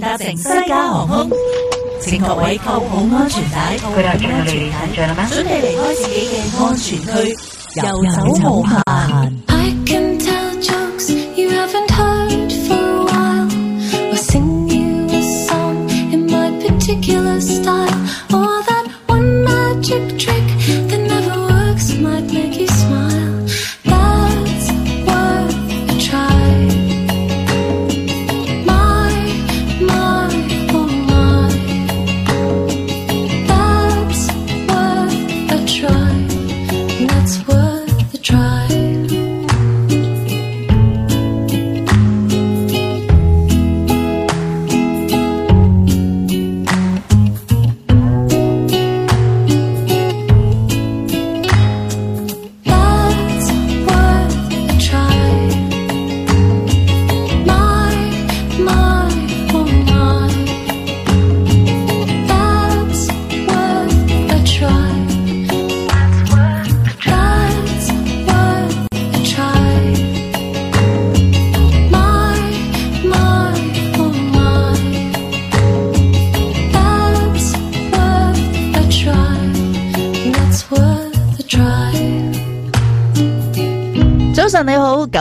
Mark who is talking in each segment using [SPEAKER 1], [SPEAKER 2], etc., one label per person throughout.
[SPEAKER 1] 搭乘西加航空，請各位扣好安全帶，扣好安全帶，準備離
[SPEAKER 2] 開自己嘅安
[SPEAKER 3] 全區，遊又走無限。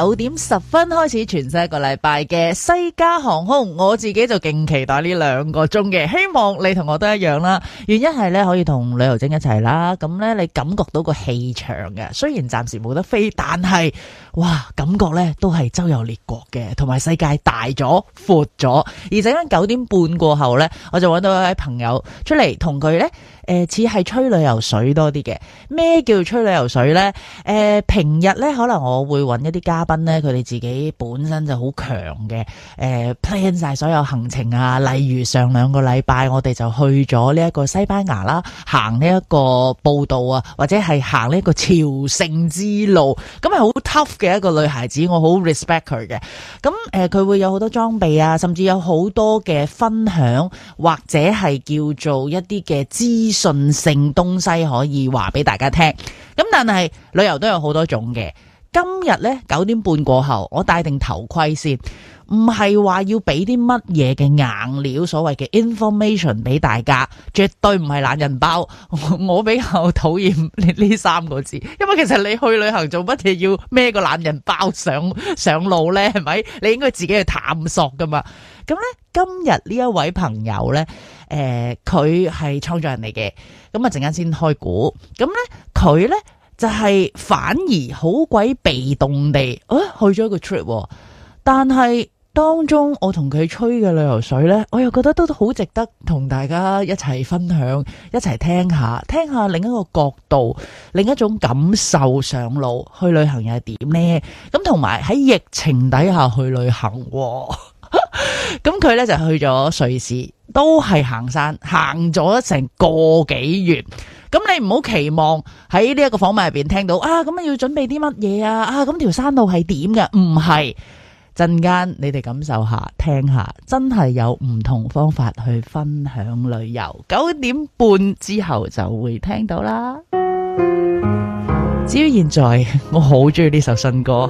[SPEAKER 1] 九點十分開始，全新一個禮拜嘅西加航空，我自己就勁期待呢兩個鐘嘅，希望你同我都一樣啦。原因係咧可以同旅遊精一齊啦，咁咧你感覺到個氣場嘅，雖然暫時冇得飛，但係哇感覺咧都係周遊列國嘅，同埋世界大咗闊咗。而陣間九點半過後呢，我就揾到一位朋友出嚟同佢呢。誒，似係吹旅遊水多啲嘅。咩叫吹旅遊水咧？誒、呃，平日咧，可能我會揾一啲嘉賓咧，佢哋自己本身就好強嘅。誒，plan 晒所有行程啊，例如上兩個禮拜我哋就去咗呢一個西班牙啦，行呢一個步道啊，或者係行呢一個朝聖之路。咁係好 tough 嘅一個女孩子，我好 respect 佢嘅。咁誒，佢、呃、會有好多裝備啊，甚至有好多嘅分享，或者係叫做一啲嘅資。順性東西可以話俾大家聽，咁但係旅遊都有好多種嘅。今日呢，九點半過後，我戴定頭盔先，唔係話要俾啲乜嘢嘅硬料，所謂嘅 information 俾大家，絕對唔係懶人包。我，我比較討厭呢三個字，因為其實你去旅行做乜嘢要孭個懶人包上上路呢？係咪？你應該自己去探索噶嘛？咁咧，今日呢一位朋友咧，誒、呃，佢係創作人嚟嘅。咁啊，陣間先開估。咁咧，佢咧就係、是、反而好鬼被動地，啊，去咗一個 trip。但係當中，我同佢吹嘅旅遊水咧，我又覺得都好值得同大家一齊分享，一齊聽一下，聽下另一個角度，另一種感受上路去旅行又係點咧？咁同埋喺疫情底下去旅行，啊。咁佢咧就去咗瑞士，都係行山，行咗成個幾月。咁你唔好期望喺呢一個訪問入邊聽到啊，咁啊要準備啲乜嘢啊？啊，咁條山路係點嘅？唔係，陣間你哋感受下，聽下，真係有唔同方法去分享旅遊。九點半之後就會聽到啦。 至於現在，我好中意呢首新歌。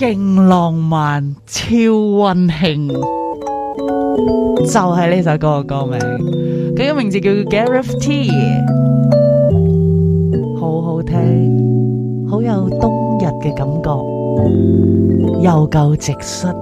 [SPEAKER 1] 勁浪漫超溫馨，就係、是、呢首歌嘅歌名。佢個名字叫《Gareth T》，好好聽，好有冬日嘅感覺，又夠直率。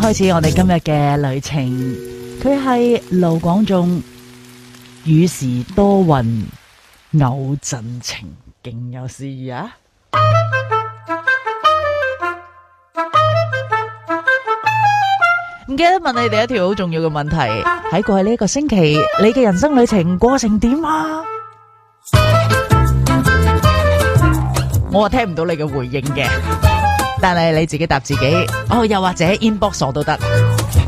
[SPEAKER 1] 開始我哋今日嘅旅程，佢係盧廣仲。雨時多雲，偶陣晴，勁有詩意啊！唔記得問你第一條好重要嘅問題，喺過去呢一個星期，你嘅人生旅程過成點啊？我聽唔到你嘅回應嘅。你自己答自己哦，又或者 inbox 都得，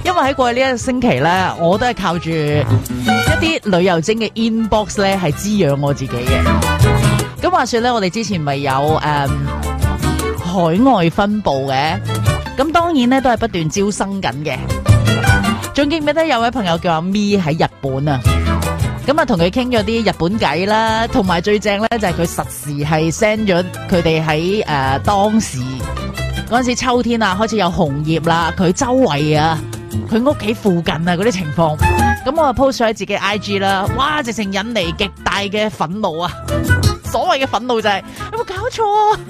[SPEAKER 1] 因為喺過去呢一星期咧，我都係靠住一啲旅遊精嘅 inbox 咧，係滋養我自己嘅。咁話說咧，我哋之前咪有誒、嗯、海外分部嘅，咁當然咧都係不斷招生緊嘅。仲記唔記得有位朋友叫阿咪喺日本啊，咁啊同佢傾咗啲日本偈啦，同埋最正咧就係佢實時係 send 咗佢哋喺誒當時。嗰陣時秋天啊，開始有紅葉啦。佢周圍啊，佢屋企附近啊，嗰啲情況，咁我就 post 上喺自己 IG 啦。哇，直情引嚟極大嘅憤怒啊！所謂嘅憤怒就係有冇搞錯啊？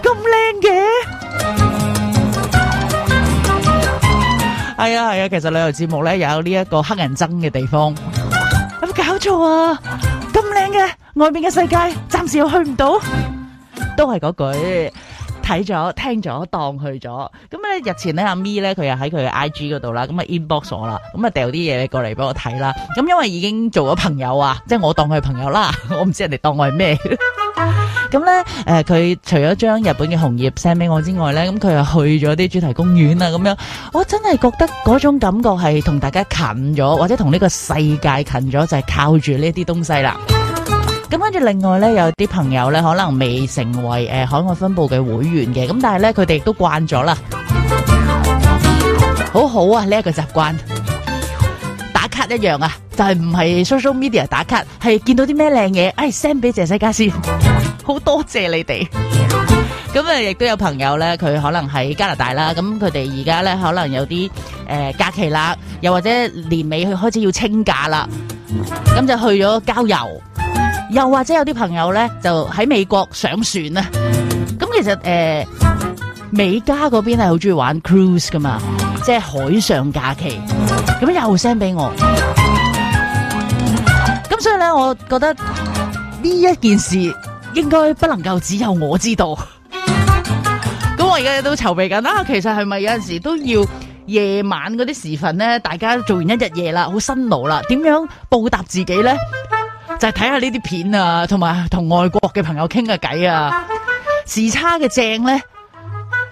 [SPEAKER 1] 咁靚嘅，係啊係啊，其實旅遊節目咧有呢一個黑人憎嘅地方。有冇搞錯啊？咁靚嘅，外面嘅世界暫時又去唔到，都係嗰句。睇咗，聽咗，當去咗。咁、嗯、咧，日前咧，阿咪咧，佢又喺佢嘅 I G 嗰度啦，咁、嗯、啊 inbox 我啦，咁啊掉啲嘢過嚟俾我睇啦。咁、嗯、因為已經做咗朋友啊，即係我當佢係朋友啦，我唔知人哋當我係咩。咁 咧、嗯，誒、嗯、佢、呃、除咗將日本嘅紅葉 send 俾我之外咧，咁、嗯、佢又去咗啲主題公園啊，咁樣。我真係覺得嗰種感覺係同大家近咗，或者同呢個世界近咗，就係、是、靠住呢啲東西啦。咁跟住，另外咧有啲朋友咧，可能未成為誒海外分部嘅會員嘅，咁但係咧佢哋都慣咗啦， 好好啊呢一、呢個習慣，打卡一樣啊，就係唔係 social media 打卡，係見到啲咩靚嘢，哎 send 俾謝西加先，好多謝你哋。咁 啊、嗯，亦都有朋友咧，佢可能喺加拿大啦，咁佢哋而家咧可能有啲誒、呃、假期啦，又或者年尾佢開始要清假啦，咁就去咗郊遊。又或者有啲朋友咧，就喺美國上船咧。咁其實誒、呃，美加嗰邊係好中意玩 cruise 噶嘛，即係海上假期。咁又 send 俾我。咁所以咧，我覺得呢一件事應該不能夠只有我知道。咁 我而家都籌備緊啦、啊。其實係咪有陣時都要夜晚嗰啲時分咧，大家做完一日夜啦，好辛勞啦，點樣報答自己咧？就係睇下呢啲片啊，同埋同外國嘅朋友傾下偈啊。時差嘅正咧，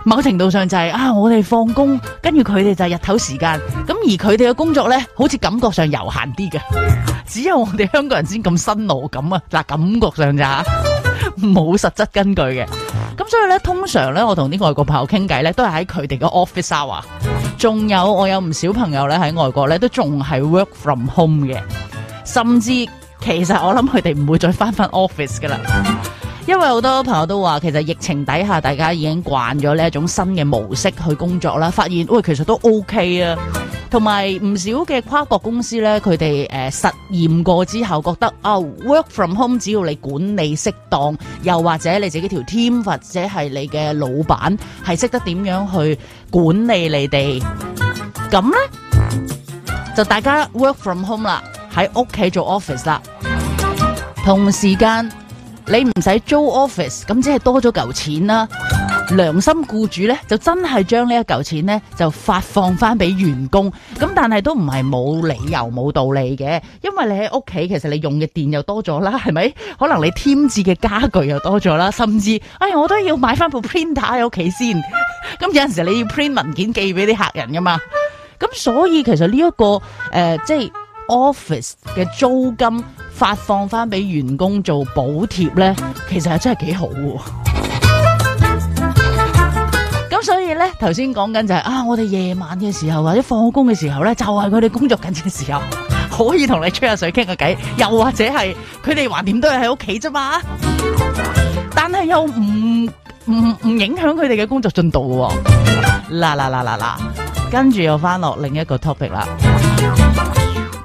[SPEAKER 1] 某程度上就係、是、啊，我哋放工，跟住佢哋就日頭時間。咁而佢哋嘅工作咧，好似感覺上悠閒啲嘅。只有我哋香港人先咁辛勞咁啊！嗱，感覺上咋、就是，冇、啊、實質根據嘅。咁所以咧，通常咧，我同啲外國朋友傾偈咧，都係喺佢哋嘅 office hour。仲有我有唔少朋友咧喺外國咧，都仲係 work from home 嘅，甚至。其實我諗佢哋唔會再返返 office 噶啦，因為好多朋友都話，其實疫情底下大家已經慣咗呢一種新嘅模式去工作啦，發現喂其實都 OK 啊，同埋唔少嘅跨國公司呢，佢哋誒實驗過之後覺得啊、哦、work from home，只要你管理適當，又或者你自己條 team 或者係你嘅老闆係識得點樣去管理你哋，咁呢，就大家 work from home 啦。喺屋企做 office 啦，同時間你唔使租 office，咁即係多咗嚿錢啦。良心雇主咧，就真係將呢一嚿錢咧就發放翻俾員工。咁但係都唔係冇理由冇道理嘅，因為你喺屋企其實你用嘅電又多咗啦，係咪？可能你添置嘅家具又多咗啦，甚至哎我都要買翻部 printer 喺屋企先。咁 有陣時你要 print 文件寄俾啲客人㗎嘛。咁所以其實呢、這、一個誒、呃、即係。Office 嘅租金發放翻俾員工做補貼咧，其實係真係幾好。咁、 so, 所以咧，頭先講緊就係啊，我哋夜晚嘅時候或者放工嘅時候咧，就係佢哋工作緊嘅時候，可以同你吹下水傾下偈，又或者係佢哋話點都係喺屋企啫嘛。但係又唔唔唔影響佢哋嘅工作進度嘅。嗱嗱嗱嗱嗱，跟住又翻落另一個 topic 啦。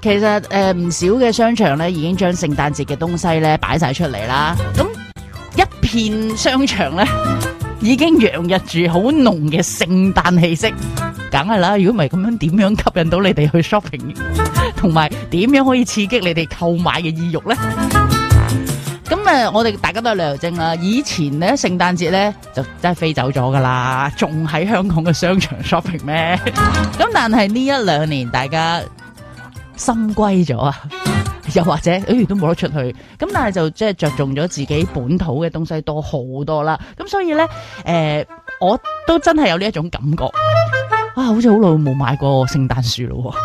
[SPEAKER 1] 其實誒唔少嘅商場咧，已經將聖誕節嘅東西咧擺晒出嚟啦，咁一片商場咧、嗯、已經洋溢住好濃嘅聖誕氣息，梗係啦！如果唔係咁樣，點樣吸引到你哋去 shopping？同埋點樣可以刺激你哋購買嘅意欲咧？咁啊、 呃，我哋大家都係旅遊證啦！以前咧聖誕節咧就真係飛走咗噶啦，仲喺香港嘅商場 shopping 咩？咁 但係呢一兩年大家。心歸咗啊，又或者誒、哎、都冇得出去，咁但係就即係着重咗自己本土嘅東西多好多啦，咁所以呢，誒、呃、我都真係有呢一種感覺啊，好似好耐冇買過聖誕樹咯，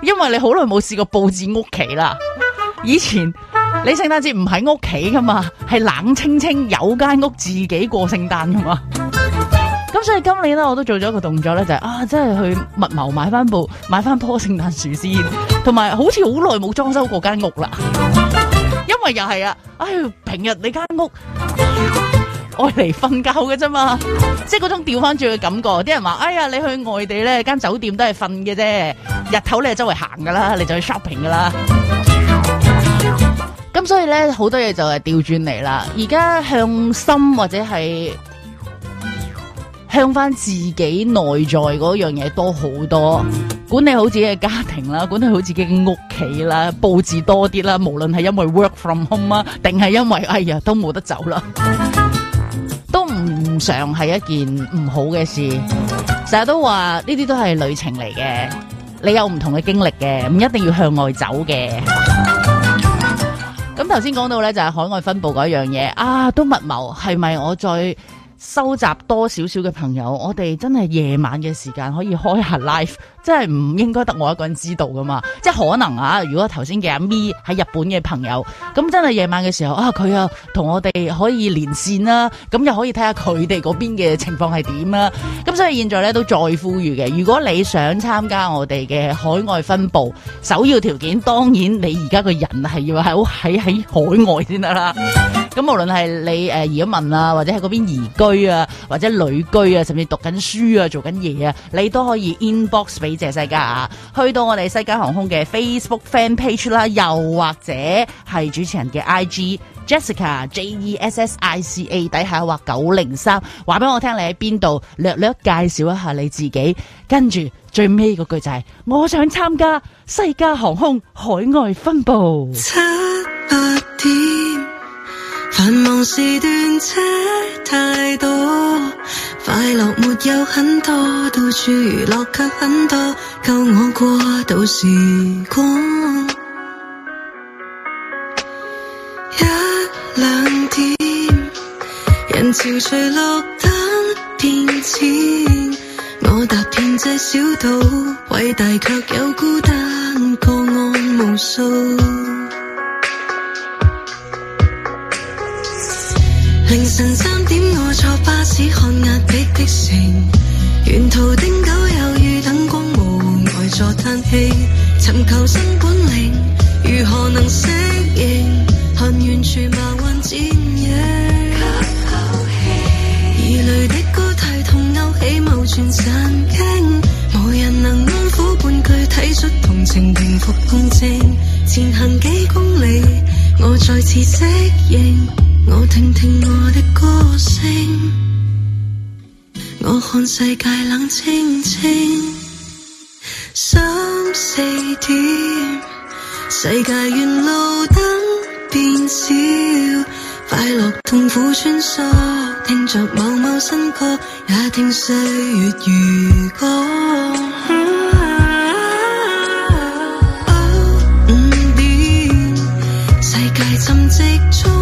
[SPEAKER 1] 因為你好耐冇試過布置屋企啦，以前你聖誕節唔喺屋企噶嘛，係冷清清有間屋自己過聖誕噶嘛。咁所以今年咧，我都做咗一個動作咧，就係啊，真係去密謀買翻部買翻棵聖誕樹先，同埋好似好耐冇裝修過間屋啦。因為又係啊，唉，平日你間屋愛嚟瞓覺嘅啫嘛，即係嗰種調翻轉嘅感覺。啲人話，哎呀，你去外地咧，間酒店都係瞓嘅啫，日頭你係周圍行噶啦，你就去 shopping 噶啦。咁所以咧，好多嘢就係調轉嚟啦。而家向心或者係。向翻自己內在嗰樣嘢，多好多，管理好自己嘅家庭啦，管理好自己嘅屋企啦，佈置多啲啦。無論係因為 work from home，啊，定係因為哎呀都冇得走啦，都唔常係一件唔好嘅事。成日都話呢啲都係旅程嚟嘅，你有唔同嘅經歷嘅，唔一定要向外走嘅。咁頭先講到呢就係海外分佈嗰樣嘢啊，都密謀係咪我再？收集多少少嘅朋友，我哋真係夜晚嘅時間可以開下 live，真係唔應該得我一個人知道噶嘛！即係可能啊，如果頭先嘅阿咪喺日本嘅朋友，咁真係夜晚嘅時候啊，佢又同我哋可以連線啦、啊，咁又可以睇下佢哋嗰邊嘅情況係點啦。咁所以現在咧都再呼籲嘅，如果你想參加我哋嘅海外分部首要條件，當然你而家個人係要係喺喺海外先得啦。咁無論係你誒移民啊，或者喺嗰邊移居。居啊，或者旅居啊，甚至讀緊書啊，做緊嘢啊，你都可以 inbox 俾謝世嘉啊，去到我哋西加航空嘅 Facebook fan page 啦，又或者係主持人嘅 IG Jessica J E S S I C A 底下或九零三，話俾我聽你喺邊度，略略介紹一下你自己，跟住最尾嗰句就係、是、我想參加西加航空海外分部。繁
[SPEAKER 4] 忙時段車太多，快樂沒有很多，到處娛樂卻很多，夠我過渡時光。一兩點，人潮隨落燈變淺，我踏遍這小島，偉大卻有孤單，個案無數。凌晨三點，我坐巴士看壓迫的，的城，沿途叮狗有遇，燈光模糊，呆坐嘆氣，尋求新本領，如何能適應？看完全麻幻剪影，吸口氣，疲累的歌太痛，勾起某段神經，無人能安撫半句，體恤同情，平復平靜，前行幾公里，我再次適應。我聽聽我的歌聲，我看世界冷清清。三、四點，世界遠路燈變小，快樂痛苦穿梭，聽着某某新歌，也聽歲月如歌。 oh, 五點，世界沉寂中。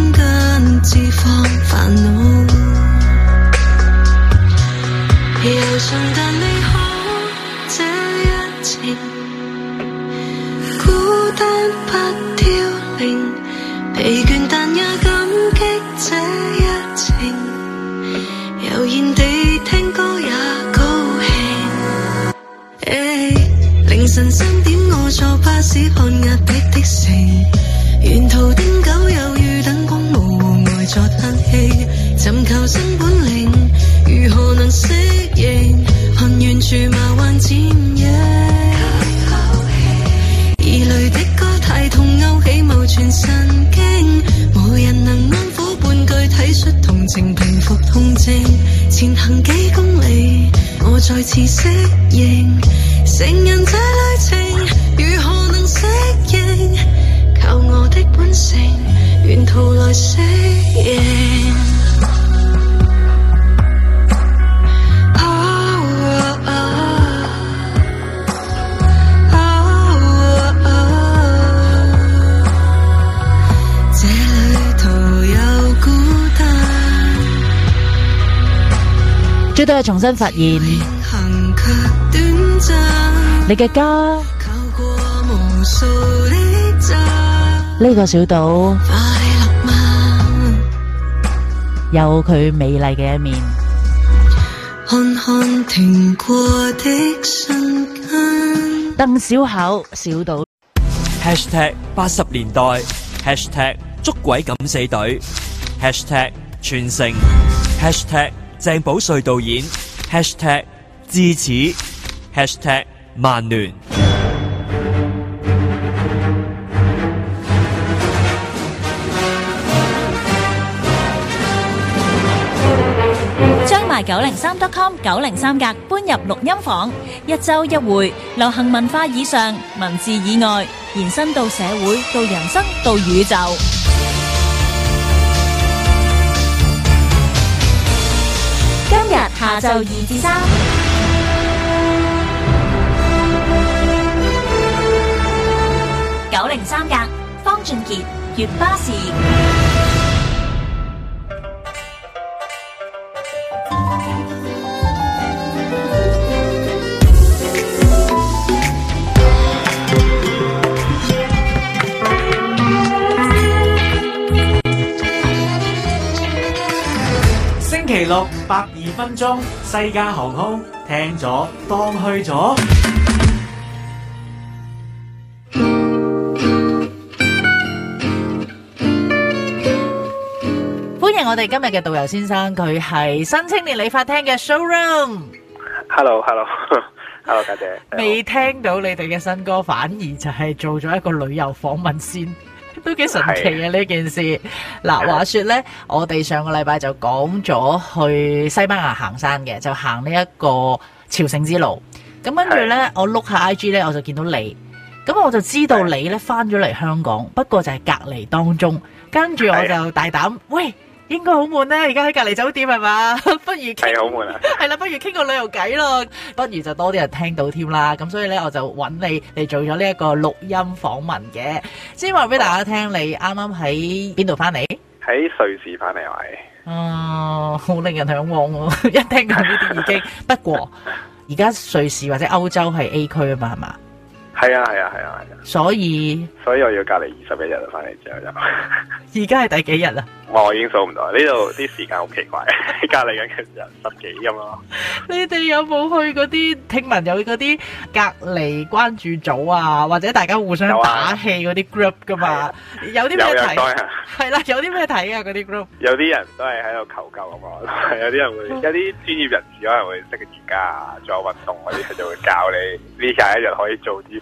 [SPEAKER 1] 發現你嘅家，靠過
[SPEAKER 4] 無數，
[SPEAKER 1] 呢個小島快樂嗎？有佢美麗嘅一面。看看停過的瞬間，鄧小巧，小島。
[SPEAKER 2] #hashtag 八十年代 #hashtag 捉鬼敢死隊 #hashtag 全城 #hashtag 鄭保瑞導演#至此#曼聯
[SPEAKER 1] 將埋九零三點 com 九零三格搬入錄音房，一周一回，流行文化以上，文字以外，延伸到社會，到人生，到宇宙。下晝二至三，九零三格，方俊杰，月花時。
[SPEAKER 2] 星期六八。分鐘，西加航空聽咗當去咗。
[SPEAKER 1] 歡迎我哋今日嘅導遊先生，佢係新青年理髮廳嘅 showroom。
[SPEAKER 5] Hello，Hello，Hello，家姐。未
[SPEAKER 1] 聽到你哋嘅新歌，反而就係做咗一個旅遊訪問先。都幾神奇啊呢件事！嗱，話說呢，我哋上個禮拜就講咗去西班牙行山嘅，就行呢一個朝聖之路。咁跟住呢，我碌下 IG 呢，我就見到你，咁我就知道你呢返咗嚟香港，不過就係隔離當中。跟住我就大膽，喂！應該好悶啦。而家喺隔離酒店係嘛 聊？
[SPEAKER 5] 不如係好悶
[SPEAKER 1] 啊！係啦，不如傾個旅遊偈咯。 不如就多啲人聽到添啦。咁所以呢，我就揾你嚟做咗呢一個錄音訪問嘅。先話俾大家聽，你啱啱喺邊度翻嚟？
[SPEAKER 5] 喺瑞士翻嚟係咪？嗯、
[SPEAKER 1] 啊，好令人嚮往喎！一聽講
[SPEAKER 5] 呢啲已經。
[SPEAKER 1] 不過而家瑞士或者歐洲係 A 區啊嘛，係嘛？
[SPEAKER 5] 係啊係啊係啊係啊，所以所以我要隔離二十一日就翻嚟之後
[SPEAKER 1] 就，而家係第幾日啊？
[SPEAKER 5] 我已經數唔到，呢度啲時間好奇怪，隔離緊嘅人十幾咁咯。
[SPEAKER 1] 你哋有冇去嗰啲？聽聞有嗰啲隔離關注組啊，或者大家互相打氣嗰啲 group 噶嘛？有啲咩睇？係啦，有啲咩睇啊？
[SPEAKER 5] 嗰啲 group 有啲人都係喺度求救啊嘛，有啲人會，有啲專業人士可能會識瑜伽啊、做運動嗰啲，佢就會教你呢廿一日可以做啲。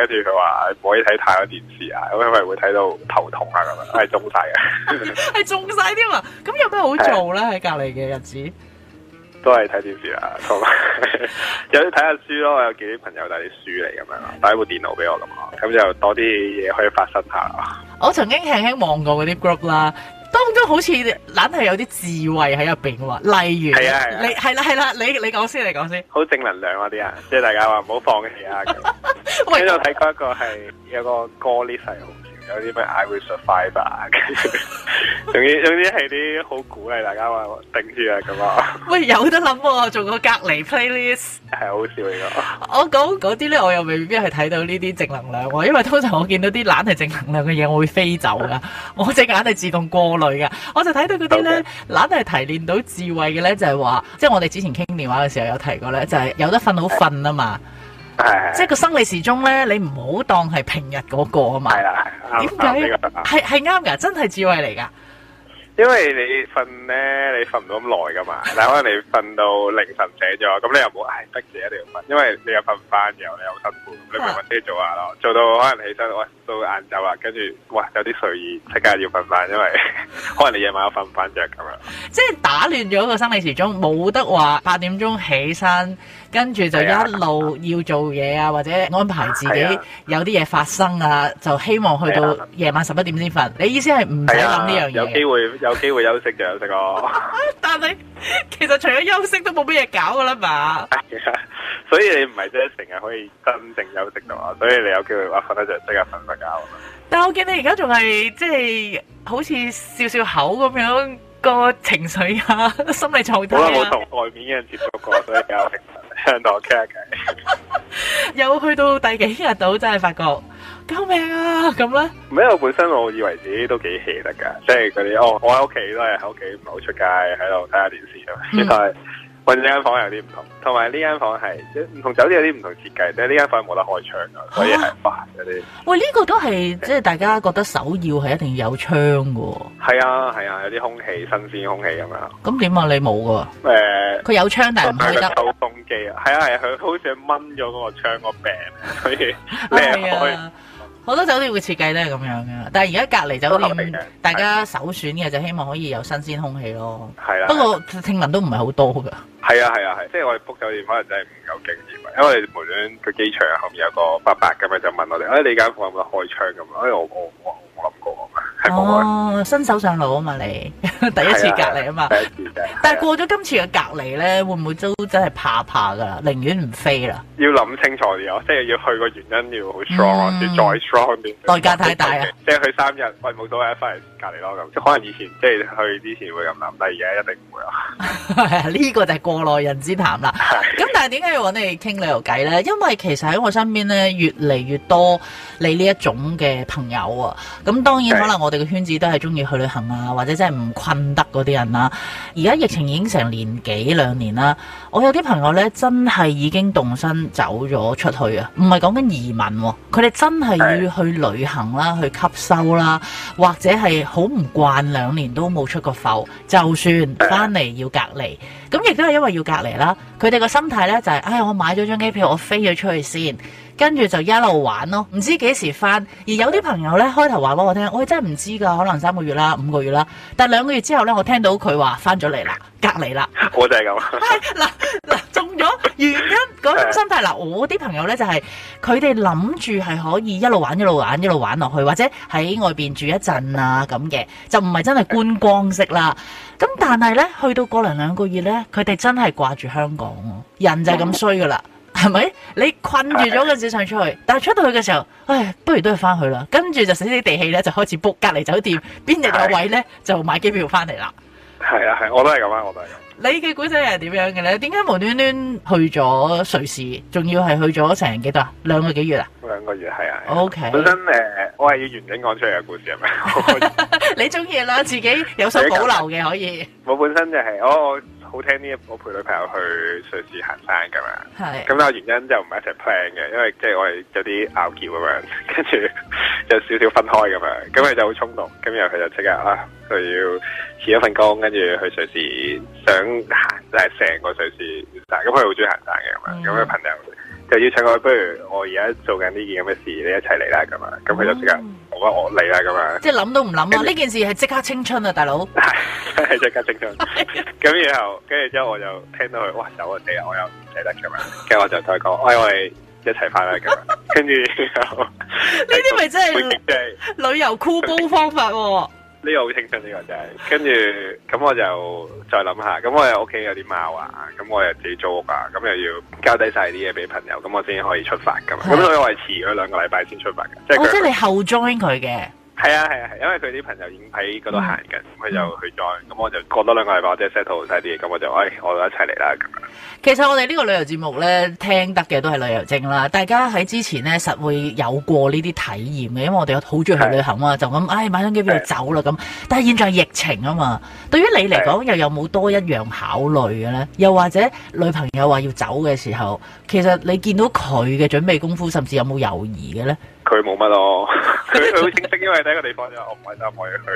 [SPEAKER 5] 跟住佢話唔可以睇太多電視啊，因為會睇到頭痛啊咁樣，係中晒嘅，
[SPEAKER 1] 係 中晒添啊！咁有咩好做咧？喺隔篱嘅日子
[SPEAKER 5] 都係睇電視啦，同埋 有啲睇下書咯。我有幾啲朋友帶啲書嚟咁樣，帶一部電腦俾我咁啊，咁就多啲嘢可以發生下。我
[SPEAKER 1] 曾經輕輕望過嗰啲 group 啦。當中好似懶係有啲智慧喺入邊嘅喎，例如，你
[SPEAKER 5] 係啦係啦，你你講先，你講先，好正能量啊啲啊，即係大家話唔好放棄啊，我喺度睇過一個係有個歌呢細號。有啲咩？I will survive 啊！跟住， 總之總之係啲好
[SPEAKER 1] 鼓勵大家話，頂住啊咁啊。喂，有得諗、啊，做個
[SPEAKER 5] 隔離 playlist，係 好笑噶、啊。這個、
[SPEAKER 1] 我講嗰啲咧，我又未必係睇到呢啲正能量喎、啊，因為通常我見到啲懶係正能量嘅嘢，我會飛走噶。 我隻眼係自動過濾噶，我就睇到嗰啲咧懶係提煉到智慧嘅咧，就係、是、話，即、就、係、是、我哋之前傾電話嘅時候有提過咧，就係、是、有得瞓好瞓啊嘛。 係，即係個生理時鐘咧，你唔好當係平日嗰個啊嘛。係啦，
[SPEAKER 5] 點解？係
[SPEAKER 1] 係啱噶，真係智慧嚟噶。
[SPEAKER 5] 因為你瞓咧，你瞓唔到咁耐噶嘛。但可能你瞓到凌晨醒咗，咁你又冇唉，得嘅一定要瞓，因為你又瞓唔翻，又你又辛苦。你咪搵啲做下咯，做到可能起身，哇，到晏晝啦，跟住哇，有啲睡意，即刻要瞓翻，因為可能你夜晚又瞓唔翻，就係咁樣。
[SPEAKER 1] 即係打亂咗個生理時鐘，冇得話八點鐘起身。跟住就一路要做嘢啊，或者安排自己有啲嘢發生啊，啊就希望去到夜晚十一點先瞓。啊、你意思係唔想諗呢樣嘢？有機
[SPEAKER 5] 會有機會休息就休息咯。
[SPEAKER 1] 但係其實除咗休息都冇咩嘢搞㗎啦嘛、啊。
[SPEAKER 5] 所以你唔係即係成日可以真正休息㗎嘛？所以你有機會話瞓得就即刻瞓得覺。
[SPEAKER 1] 但係我見你而家仲係即係好似笑笑口咁樣個情緒啊、心理狀態啊。我同
[SPEAKER 5] 外面嘅人接觸過都係比聽我傾下偈，
[SPEAKER 1] 又去到第幾日到，真係發
[SPEAKER 5] 覺，
[SPEAKER 1] 救命啊！咁咧，
[SPEAKER 5] 唔係，嗯，我本身我以為自己都幾氣得噶，即係嗰啲，我我喺屋企都係喺屋企，唔好出街，喺度睇下電視啊，主要係。搵呢間，間房有啲唔同，同埋呢間房係即唔同酒店有啲唔同設計，即係呢間房冇得開窗噶，所以涼快
[SPEAKER 1] 嗰啲。喂、 哎，呢、這個都係即係大家覺得首要係一定要有窗噶。
[SPEAKER 5] 係 啊，係啊，有啲空氣、新鮮空氣咁樣。
[SPEAKER 1] 咁點 啊？你冇噶。誒、呃，佢有窗但係唔開得。
[SPEAKER 5] 抽風機啊，係啊係啊，佢好似掹咗嗰個窗個柄，嗯、 所以唔開。
[SPEAKER 1] 好多酒店嘅設計都係咁樣嘅，但係而家隔離酒店大家首選嘅就希望可以有新鮮空氣咯。係啦，不過聽聞都唔係好多㗎。係啊係啊係，
[SPEAKER 5] 即係我哋 book 酒店可能真係唔夠經驗，因為無論佢機場後面有個伯伯咁樣，就問我哋：哎，你間房有冇開窗咁樣？哎，我我我冇我諗
[SPEAKER 1] 過。哦，新手上路啊嘛，你 第一次隔離啊嘛、啊，第一次、啊、但係過咗今次嘅隔離咧，會唔會都真係怕怕噶啦？寧願唔飛啦？
[SPEAKER 5] 要諗清楚啲，即係要去個原因要好 strong，、嗯、要再 strong 啲。代價太大啊！即係去三日，我、哎、冇到 a 翻嚟隔離咯咁，可能以前即係去之前會咁諗，但係而家一定唔會
[SPEAKER 1] 啊！呢 個就係過來人之談啦。咁 但係點解要搵你傾旅遊偈咧？ 因為其實喺我身邊咧，越嚟越多你呢一種嘅朋友啊。咁當然的可能我。我哋嘅圈子都係中意去旅行啊，或者真係唔困得嗰啲人啦、啊。而家疫情已經成年幾兩年啦，我有啲朋友呢真係已經動身走咗出去啊，唔係講緊移民，佢哋真係要去旅行啦、啊，去吸收啦、啊，或者係好唔慣兩年都冇出過埠，就算翻嚟要隔離。 咁亦都係因為要隔離啦，佢哋個心態呢、就係，就係，唉，我買咗張機票，我飛咗出去先，跟住就一路玩咯，唔知幾時翻。而有啲朋友呢，開頭話俾我聽，我、哎、真係唔知噶，可能三個月啦，五個月啦。但係兩個月之後呢，我聽到佢話翻咗嚟啦。
[SPEAKER 5] 隔籬啦，我就係咁。嗱
[SPEAKER 1] 嗱 中咗原因嗰種心態，嗱 我啲朋友咧就係佢哋諗住係可以一路玩一路玩一路玩落去，或者喺外邊住一陣啊咁嘅，就唔係真係觀光式啦。咁但係咧去到過兩兩個月咧，佢哋真係掛住香港，人就係咁衰噶啦，係咪？你困住咗嘅時候想出去，但係出到去嘅時候，唉，不如都係翻去啦。跟住就死死地氣咧，就開始 book 隔籬酒店，邊日有位咧就買機票翻嚟啦。
[SPEAKER 5] 係啊係，我都
[SPEAKER 1] 係咁啊，我都係咁。你嘅故事係點樣嘅咧？點解無端端去咗瑞士，仲要係去咗成幾多啊？兩個幾月啊？兩
[SPEAKER 5] 個月係啊。OK。Okay. 本身誒、呃，我係要完整講出嚟嘅故事係咪？
[SPEAKER 1] 你中意啦，自己有所保留嘅可以。
[SPEAKER 5] 我本身就係我。我好聽啲，我陪女朋友去瑞士行山噶嘛，咁啊是原因就唔係一齊 plan 嘅，因為即係我哋有啲拗撬咁樣，跟住 有少少分開咁樣，咁佢就好衝動，今日佢就即刻啊，佢要
[SPEAKER 1] 辭咗份工，跟住去
[SPEAKER 5] 瑞士想行就係成個瑞士，但咁佢好中意行山嘅咁樣，咁啊、嗯、朋友。就要請我，不如我而家做緊呢件咁嘅事，你一齊嚟啦，咁啊，咁佢就即刻，我我嚟啦，咁啊，即係諗都
[SPEAKER 1] 唔諗啊！呢件事係即刻青春啊，大
[SPEAKER 5] 佬，係即 刻青春。咁 然後，跟住之後，我就聽到佢，哇，走啊死啊！我又唔捨得嘅嘛，跟住我就同佢講， 哎，我哋一齊翻嚟噶，跟住又
[SPEAKER 1] 呢啲咪真係旅遊酷煲方法，啊。
[SPEAKER 5] 呢個好清新，呢個真係。跟住咁，我就再諗下。咁我又屋企有啲貓啊，咁我又自己租屋啊，咁又要交低晒啲嘢俾朋友，咁我先可以出發噶嘛。咁所以我係遲咗兩個禮拜先出發嘅。哦，即係
[SPEAKER 1] 你後 join 佢嘅？
[SPEAKER 5] 係啊係啊係，因為佢啲朋友已經喺嗰度行緊，佢就去咗。咁我就過多兩個禮拜，即係 set 好晒啲嘢，咁我就，哎，我一齊嚟啦咁樣。
[SPEAKER 1] 其實我哋呢個旅遊節目咧，聽得嘅都係旅遊症啦。大家喺之前咧，實會有過呢啲體驗嘅，因為我哋好中意去旅行啊， 就咁，唉、哎，買張機票走啦咁。但係現在疫情啊嘛，對於你嚟講， 又有冇多一樣考慮嘅咧？又或者女朋友話要走嘅時候，其實你見到佢嘅準備功夫，甚至有冇猶疑嘅咧？
[SPEAKER 5] 佢冇乜咯，佢佢好清晰，因為第一個地方就，我唔係真係我要去，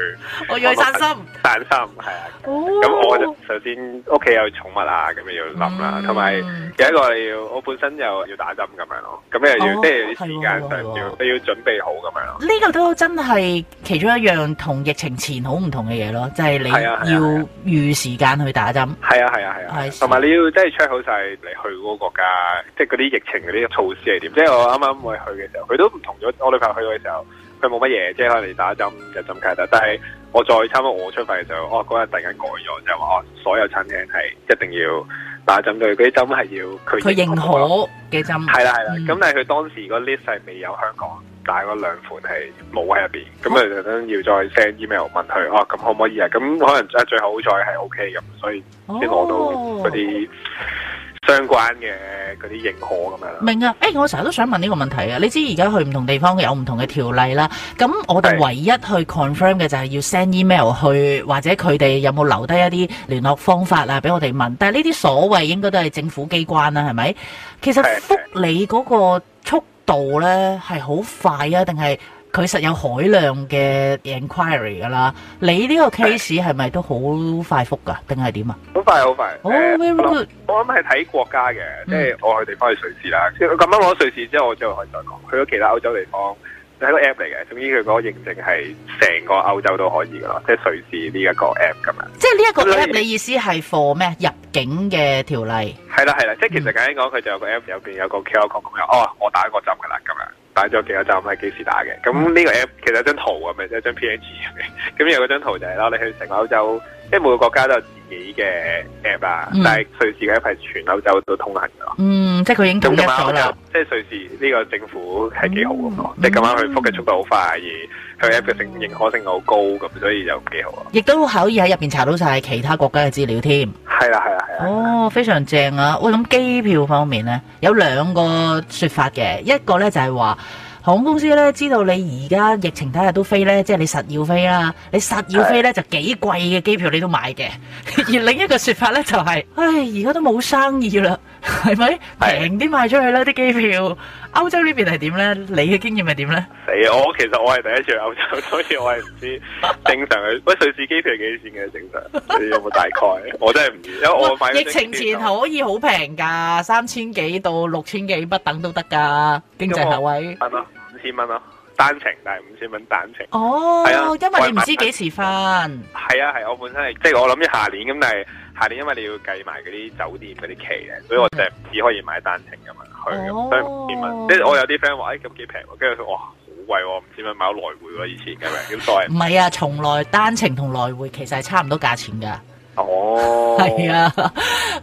[SPEAKER 5] 我要去散心，散心係啊，咁我就首先屋企有寵物啊，咁樣要諗啦，同埋有一個你要我本身又要打針咁樣咯，咁又要即係啲時間上要你要準備好咁樣咯。
[SPEAKER 1] 呢個都真係其中一樣同疫情前好唔同嘅嘢咯，就係你要預時間去打針，
[SPEAKER 5] 係啊係啊係啊，同埋你要即係 check 好晒你去嗰個國家，即係嗰啲疫情嗰啲措施係點。即係我啱啱會去嘅時候，佢都唔同。我女朋友去到嘅時候，佢冇乜嘢，即係可能打針、就針卡特。但係我再差唔多我出發嘅時候，哦嗰日突然間改咗，就話、是、所有餐廳係一定要打針對，嗰啲針係要佢認，認可
[SPEAKER 1] 嘅針。係啦係啦，咁、嗯、但
[SPEAKER 5] 係佢當時個 list 係未有香港。大嗰兩款係冇喺入邊，咁啊特登要再 send email 問佢啊，咁可唔可以啊？咁可能即係最後好彩係 OK 咁，所以先攞到嗰啲相關嘅嗰啲認可咁樣。
[SPEAKER 1] 明啊！誒，我成日都想問呢個問題啊！你知而家去唔同地方有唔同嘅條例啦，咁我哋唯一去 confirm 嘅就係要 send email 去，或者佢哋有冇留低一啲聯絡方法啊，俾我哋問。但係呢啲所謂應該都係政府機關啦，係咪？其實福利嗰個。度咧，係好快啊，定係佢實有海量嘅 inquiry 噶啦？你呢個 case 係咪都好快覆㗎？定係點啊？好
[SPEAKER 5] 快好快，我諗我諗係睇國家嘅，即係我去地方去瑞士啦。咁樣攞瑞士之後，我就可以再講，去咗其他歐洲地方。係一個 app 嚟嘅，總之佢個認證係成個歐洲都可以噶啦，即係瑞士呢一個 app 咁樣。即係呢一個 app，
[SPEAKER 1] 你意思係 for 咩入境嘅條例？
[SPEAKER 5] 係啦係啦，即係其實簡單講，佢就有個 app，入邊有個 qr code，咁樣哦，我打一個站噶啦咁樣，打咗幾個站，係幾時打嘅。咁呢個 app 其實張圖咁咪？即係張 png 咁樣，咁有嗰張圖就係啦，你去成個歐洲。即係每個國家都有自己嘅 app 啊，但係瑞士嘅 app 係全歐洲都通行噶啦。
[SPEAKER 1] 嗯，即係佢已經統一咗啦。
[SPEAKER 5] 即係瑞士呢個政府係幾好噶嘛？即係咁啱佢覆嘅速度好快，而佢 app 嘅性認可性好高，咁所以就幾好啊。
[SPEAKER 1] 亦都可以喺入邊查到晒其他國家嘅資料添。係啦係啦係啦。哦，非常正啊！喂，咁機票方面咧有兩個說法嘅，一個咧就係話。航空公司咧知道你而家疫情睇日都飛咧，即係你實要飛啦，你實要飛咧就幾貴嘅機票你都買嘅。而另一個説法咧就係，唉，而家都冇生意啦，係咪平啲賣出去啦啲機票？歐洲呢邊係點咧？你嘅經驗係點咧？
[SPEAKER 5] 死！我其實我係第一次去歐洲，所以我係唔知正常嘅。喂，瑞士機票幾多錢嘅正常？你有冇大概？我真係唔知，因為我買。疫情
[SPEAKER 1] 前可以好平㗎，三千幾到六千幾不等都得㗎，經濟下位。係
[SPEAKER 5] 咯。千蚊咯，單程，但係五千蚊
[SPEAKER 1] 單程。哦，oh, 啊，因為你唔知，我買 知幾時翻。
[SPEAKER 5] 係啊係，啊，我本身係即係我諗住下年咁，但係下年因為你要計埋嗰啲酒店嗰啲期嘅，的所以我就只可以買單程噶嘛，去咁，所以、oh. 五千蚊。即係我有啲 friend 話，哎咁幾平，跟住佢話，哇好貴，啊，五千蚊買到來回喎，以前計埋。
[SPEAKER 1] 唔係啊，從來單程同來回其實係差唔多價錢噶。
[SPEAKER 5] oh. 啊。哦。係啊，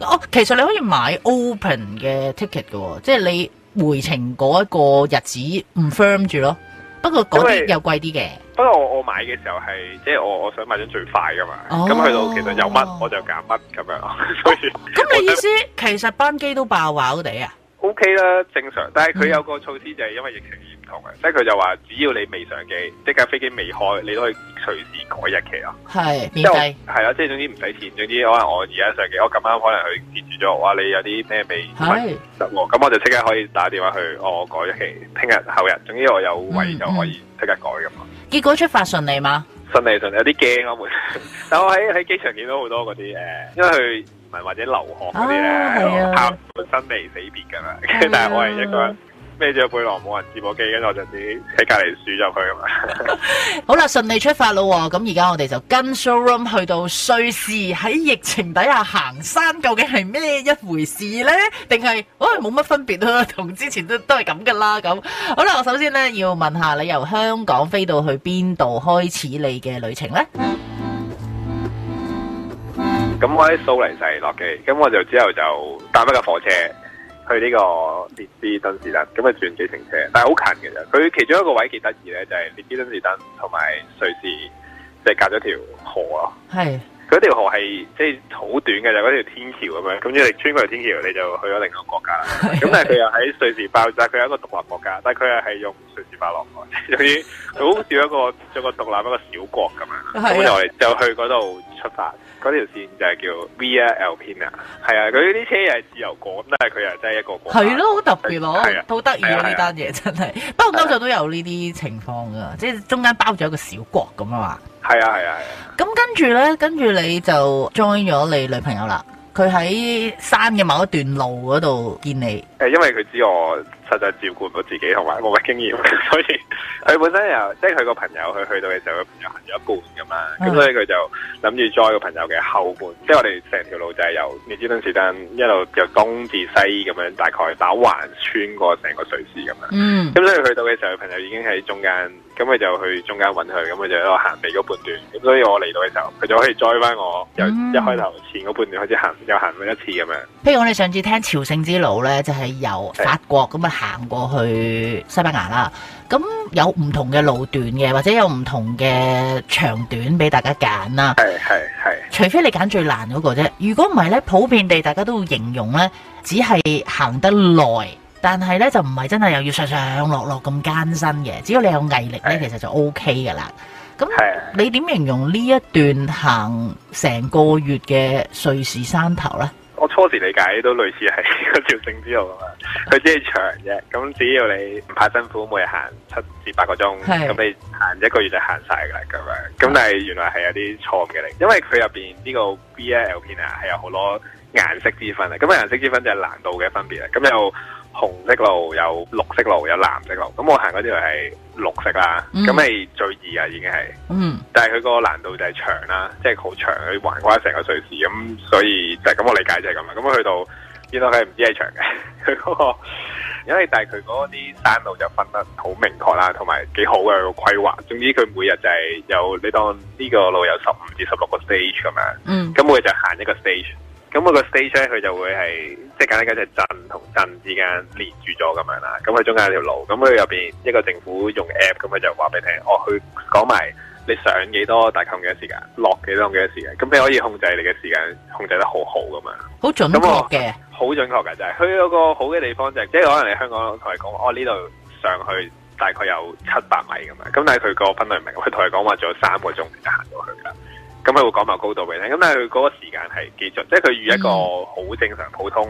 [SPEAKER 1] 我其實你可以買 open 嘅 ticket 噶，即係你。回程嗰個日子唔 firm 住咯，不過嗰啲又貴啲嘅。
[SPEAKER 5] 不過我我買嘅時候係即係我我想買咗最快㗎嘛，咁去到其實有乜我就揀乜咁樣。咁 你意思
[SPEAKER 1] 其實班機都爆爆哋啊
[SPEAKER 5] ？O K 啦，正常，但係佢有個措施就係因為疫情。嗯即係佢就話，只要你未上機，即架飛機未開，你都可以隨時改日期咯。
[SPEAKER 1] 係，即
[SPEAKER 5] 係係即係總之唔使錢。總之可能我而家上機，我咁啱可能佢截住咗，我話你有啲咩未係咁是我就即刻可以打電話去，我、哦、改期，聽日後日，總之我有位就可以即刻改咁嘛、嗯
[SPEAKER 1] 嗯。結果出發順利嘛，
[SPEAKER 5] 順利順利，有啲驚啊！我但我喺喺機場見到好多嗰啲誒，因為佢唔係或者留學嗰啲咧，拍、啊啊、生離死別噶嘛，啊、 但係我係一個人。孭住背囊，冇人接我機，跟住我就只喺隔籬數咗佢啊嘛
[SPEAKER 1] 好啦，順利出發咯。咁而家我哋就跟 showroom 去到瑞士喺疫情底下行山，究竟係咩一回事咧？定係，哎，冇乜分別啦、啊，同之前都都係咁噶啦。咁好啦，我首先咧要問下你，由香港飛到去邊度開始你嘅旅程咧？
[SPEAKER 5] 咁我喺蘇黎世落機，咁我就之後就搭一架火車。去呢個列支敦士登，咁啊轉幾程車，但係好近嘅啫。佢其中一個位幾得意咧，就係列支敦士登同埋瑞士，即係隔咗條河咯。
[SPEAKER 3] 係，
[SPEAKER 5] 嗰條河係即係好短嘅，就嗰條天橋咁樣。咁你穿過條天橋，你就去咗另外一個國家啦。咁但係佢又喺瑞士爆炸，佢係一個獨立國家，但係佢又係用瑞士法郎。佢好似好似一個做個獨立一個小國咁樣，咁又嚟就去嗰度出發。嗰條線就係叫 Via Alpina，係啊，佢啲車又係自由港，但係佢又真係一個國，係咯，好特別咯，係啊，好得意啊，呢單嘢
[SPEAKER 1] 真係。不過歐洲都有呢啲情況噶，即係中間包咗一個小國咁啊嘛。
[SPEAKER 5] 係啊係啊係，
[SPEAKER 1] 咁跟住咧，跟住你就 join 咗你女朋友啦。佢喺山嘅某一段路嗰度見你。
[SPEAKER 5] 誒，因為佢知我。就在照顧唔到自己，同埋冇乜經驗，所以佢本身又即係佢個朋友，佢去到嘅時候，佢朋友行咗一半㗎嘛，咁所以佢就諗住載個朋友嘅後半，即係我哋成條路就係由列支敦士登一路由東至西咁樣，大概打橫穿過成個瑞士咁樣。嗯，咁所以去到嘅時候，朋友已經喺中間，咁佢就去中間揾佢，咁佢就喺度行尾嗰半段，咁所以我嚟到嘅時候，佢就可以載返我由一開頭前嗰半段開始行，又行咗一次咁樣。
[SPEAKER 1] 譬如我哋上次聽朝聖之路咧，就係由法國咁啊。行過去西班牙啦，咁有唔同嘅路段嘅，或者有唔同嘅長短俾大家揀啦。係係係。除非你揀最難嗰個啫，如果唔係咧，普遍地大家都形容呢，只係行得耐，但係呢，就唔係真係又要上上落落咁艱辛嘅，只要你有毅力呢，是其實就 OK 噶啦。咁是你點形容呢一段行成個月嘅瑞士山頭呢？
[SPEAKER 5] 我初時理解都類似係個調整之路啊嘛，佢只係長啫，咁只要你唔怕辛苦，每日行七至八個鐘，咁是你行一個月就行晒噶啦咁樣。咁但係原來係有啲錯嘅嚟，因為佢入邊呢個 B L 片啊，係有好多顏色之分啊，咁啊顏色之分就係難度嘅分別啊，咁又。紅色路有綠色路有藍色路，咁我行嗰條係綠色啦，咁係、嗯、最易啊，已經係。嗯。但係佢個難度就係長啦，即係好長，佢橫跨成個瑞士，咁、嗯、所以就咁我理解就係咁啦。咁去到，原來佢唔知係長嘅，佢、嗰個，因為但係佢嗰啲山路就分得好明確啦，同埋幾好嘅規劃。總之佢每日就係有你當呢個路有十五至十六個 stage 咁樣，嗯，咁每日、嗯、就行一個 stage。咁我個 stage 咧，佢就會係即係簡單講就係鎮同鎮之間連住咗咁樣啦。咁佢中間有條路，咁佢入邊一個政府用 app，咁佢就話俾你聽，哦，去，講埋你上幾多大概幾多時間，落幾多幾多時間，咁你可以控制你嘅時間，控制得好好噶嘛，
[SPEAKER 1] 好準確嘅，
[SPEAKER 5] 好準確㗎，就係、是、佢有個好嘅地方就係、是，即係可能你香港同佢講，哦，呢度上去大概有七百米咁樣，咁但係佢個分類唔明佢同佢講話仲有三個鐘就行到去㗎。咁佢會講埋高度俾你聽，咁但係佢嗰個時間係幾準，即係佢預一個好正常、嗯、普通，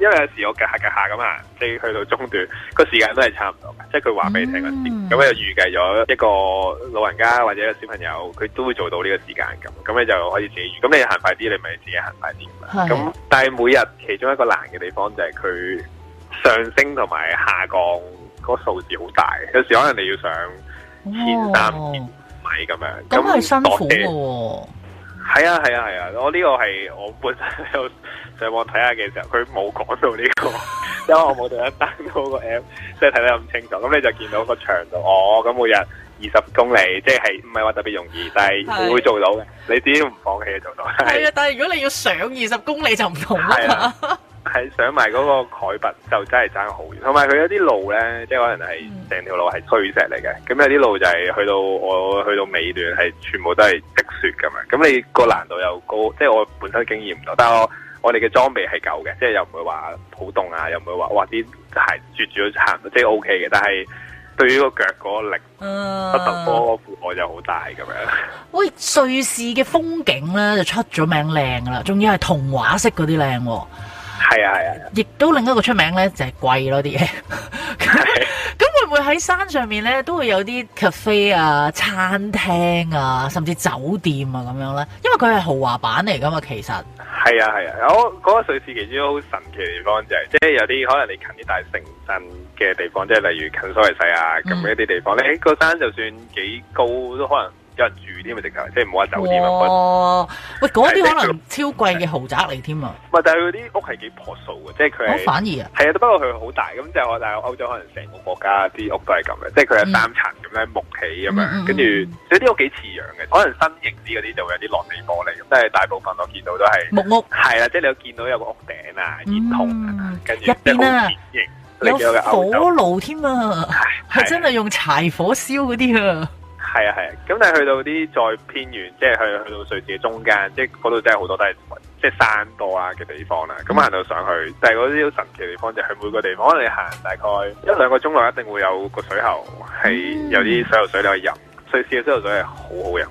[SPEAKER 5] 因為有時我隔下隔下咁啊，即係去到中段個時間都係差唔多嘅，即係佢話俾你聽嗰啲。咁、嗯、就預計咗一個老人家或者個小朋友，佢都會做到呢個時間咁，咁咧就可以自己預。咁你行快啲，你咪自己行快啲咁
[SPEAKER 3] 啦。的但係每日
[SPEAKER 5] 其中一個難嘅地方就係、是、佢上升同埋下降個數字好大，有時可能你要上前三咁樣，咁係辛苦嘅、啊。係啊係啊係啊，我呢個係我本身喺度上網睇下嘅時候，佢冇講到呢個，因為我冇同一單嗰個 app，即係睇得咁清楚。咁你就見到個長度，哦，咁每日二十公里，即係唔係話特別容易，但係會做到嘅。你自己都唔放棄，做到。係啊，
[SPEAKER 1] 但係如果你要上二十公里就唔同啦。
[SPEAKER 5] 的 係上埋嗰個海拔就真係爭好遠，同埋佢有啲路咧，即係可能係成條路係碎石嚟嘅，咁有啲路就係去到我去到尾段係全部都係積雪咁樣，咁你個難度又高，即係我本身經驗唔多，但係我我哋嘅裝備係夠嘅，即係又唔會話好凍啊，又唔會話話啲鞋脫咗行，即係 OK 嘅，但係對於個腳嗰個力，不透風個負荷就好大咁樣。
[SPEAKER 1] 喂，瑞士嘅風景咧就出咗名靚啦，仲要係童話式嗰啲靚。
[SPEAKER 5] 係啊係
[SPEAKER 1] 啊，亦都另一個出名咧，就係貴咯啲嘢。咁、啊啊、會唔會喺山上面咧，都會有啲 cafe 啊、餐廳啊，甚至酒店啊咁樣咧？因為佢係豪華版嚟噶嘛，其實。
[SPEAKER 5] 係啊係啊，啊，我講瑞士其中一個神奇嘅地方就係，即係有啲可能你近啲大城鎮嘅地方，即係例如近蘇黎世啊咁一啲地方咧，嗯、個山就算幾高都可能。有人住添，咪直頭，即係唔好話酒店啊！哦，
[SPEAKER 1] 喂，嗰啲可能超貴嘅豪宅嚟添啊！
[SPEAKER 5] 唔但係佢啲屋係幾樸素嘅，即係佢好反而啊，係啊，不過佢好大咁就我但係歐洲可能成個國家啲屋都係咁嘅，即係佢係三層咁樣木起咁樣，跟住所啲屋幾似樣嘅，可能新型之嗰啲就會有啲落地玻璃，但係大部分我見到都係木屋，係啦，即係你見到有個屋頂啊，
[SPEAKER 1] 煙囪啊，
[SPEAKER 5] 跟住即係好型，火
[SPEAKER 1] 爐添啊，係真係用柴火燒嗰啲啊！
[SPEAKER 5] 係啊係啊，咁、啊、但係去到啲再偏遠，即係去去到瑞士嘅中間，即係嗰度真係好多都係即係山多啊嘅地方啦。咁行到上去，就係嗰啲好神奇嘅地方就係、是、每個地方可能你行大概一兩個鐘內，一定會有個水喉係有啲水喉水你可以飲。瑞士嘅水喉水係好好飲，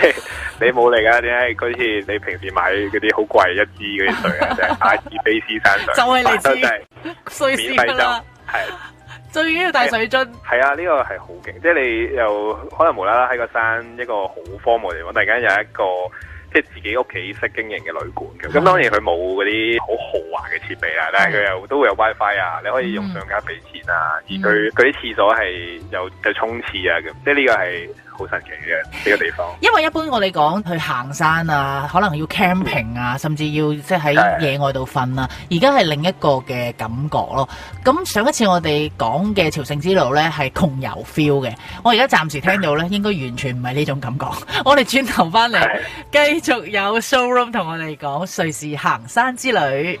[SPEAKER 5] 即係你冇嚟噶，點解？好似你平時買嗰啲好貴一支嗰啲水啊，就係阿爾卑斯山水，就係嚟
[SPEAKER 1] 支。免費啦，
[SPEAKER 5] 係。最緊要帶水樽，係啊！呢、這個係好勁，即係你又可能無啦啦喺個山一個好荒蕪地方，突然間有一個即係自己屋企式經營嘅旅館。咁、啊、當然佢冇嗰啲好豪華嘅設備啦，啊、但係佢又都會有 WiFi 啊，Fi，你可以用信用卡俾錢啊。嗯、而佢啲廁所係有有沖廁啊咁，即係呢個係。好神奇嘅呢個地方，
[SPEAKER 1] 因為一般我哋講去行山啊，可能要 camping 啊，甚至要即係喺野外度瞓啊。而家係另一個嘅感覺咯。咁上一次我哋講嘅朝聖之路呢，係窮遊 feel 嘅，我而家暫時聽到呢，應該完全唔係呢種感覺。 我哋轉頭翻嚟繼續有 show room 同我哋講瑞士行山之旅。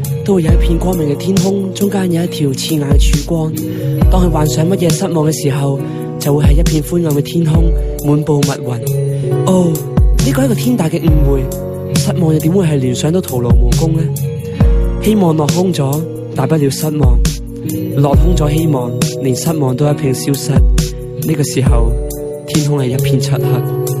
[SPEAKER 2] 都會有一片光明嘅天空，中間有一條刺眼嘅曙光。當佢幻想乜嘢失望嘅時候，就會係一片灰暗嘅天空，滿布密雲。哦，呢個係一個天大嘅誤會，失望又點會係聯想到徒勞無功呢？希望落空咗，大不了失望；落空咗希望，連失望都一片消失。呢個時候，天空係一片漆黑。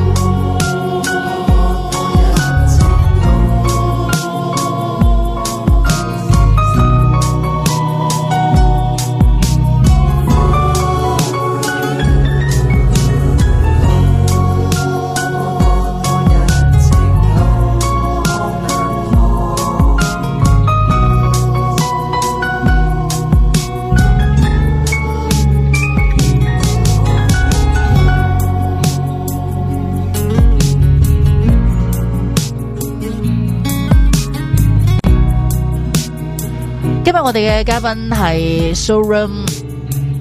[SPEAKER 1] 今日我哋嘅嘉賓係 Soran，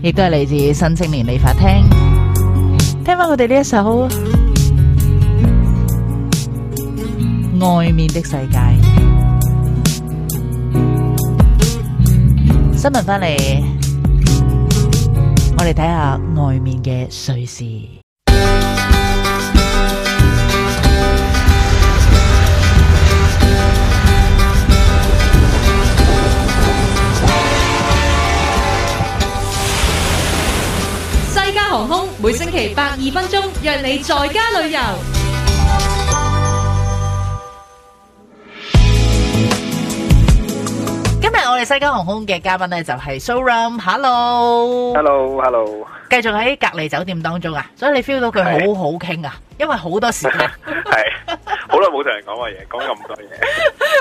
[SPEAKER 1] 亦都係嚟自新青年理髮廳。聽翻佢哋呢一首《外面的世界》。新聞翻嚟，我哋睇下外面嘅瑞士。航空每星期百二分鐘，約你在家旅遊。西加航空嘅嘉賓呢，就係 Sora，Hello，Hello，Hello，繼續喺隔離酒店當中啊，所以你 feel 到佢好好傾啊，是因為
[SPEAKER 5] 好多時間係好耐冇同人講話嘢，
[SPEAKER 1] 講咁多嘢，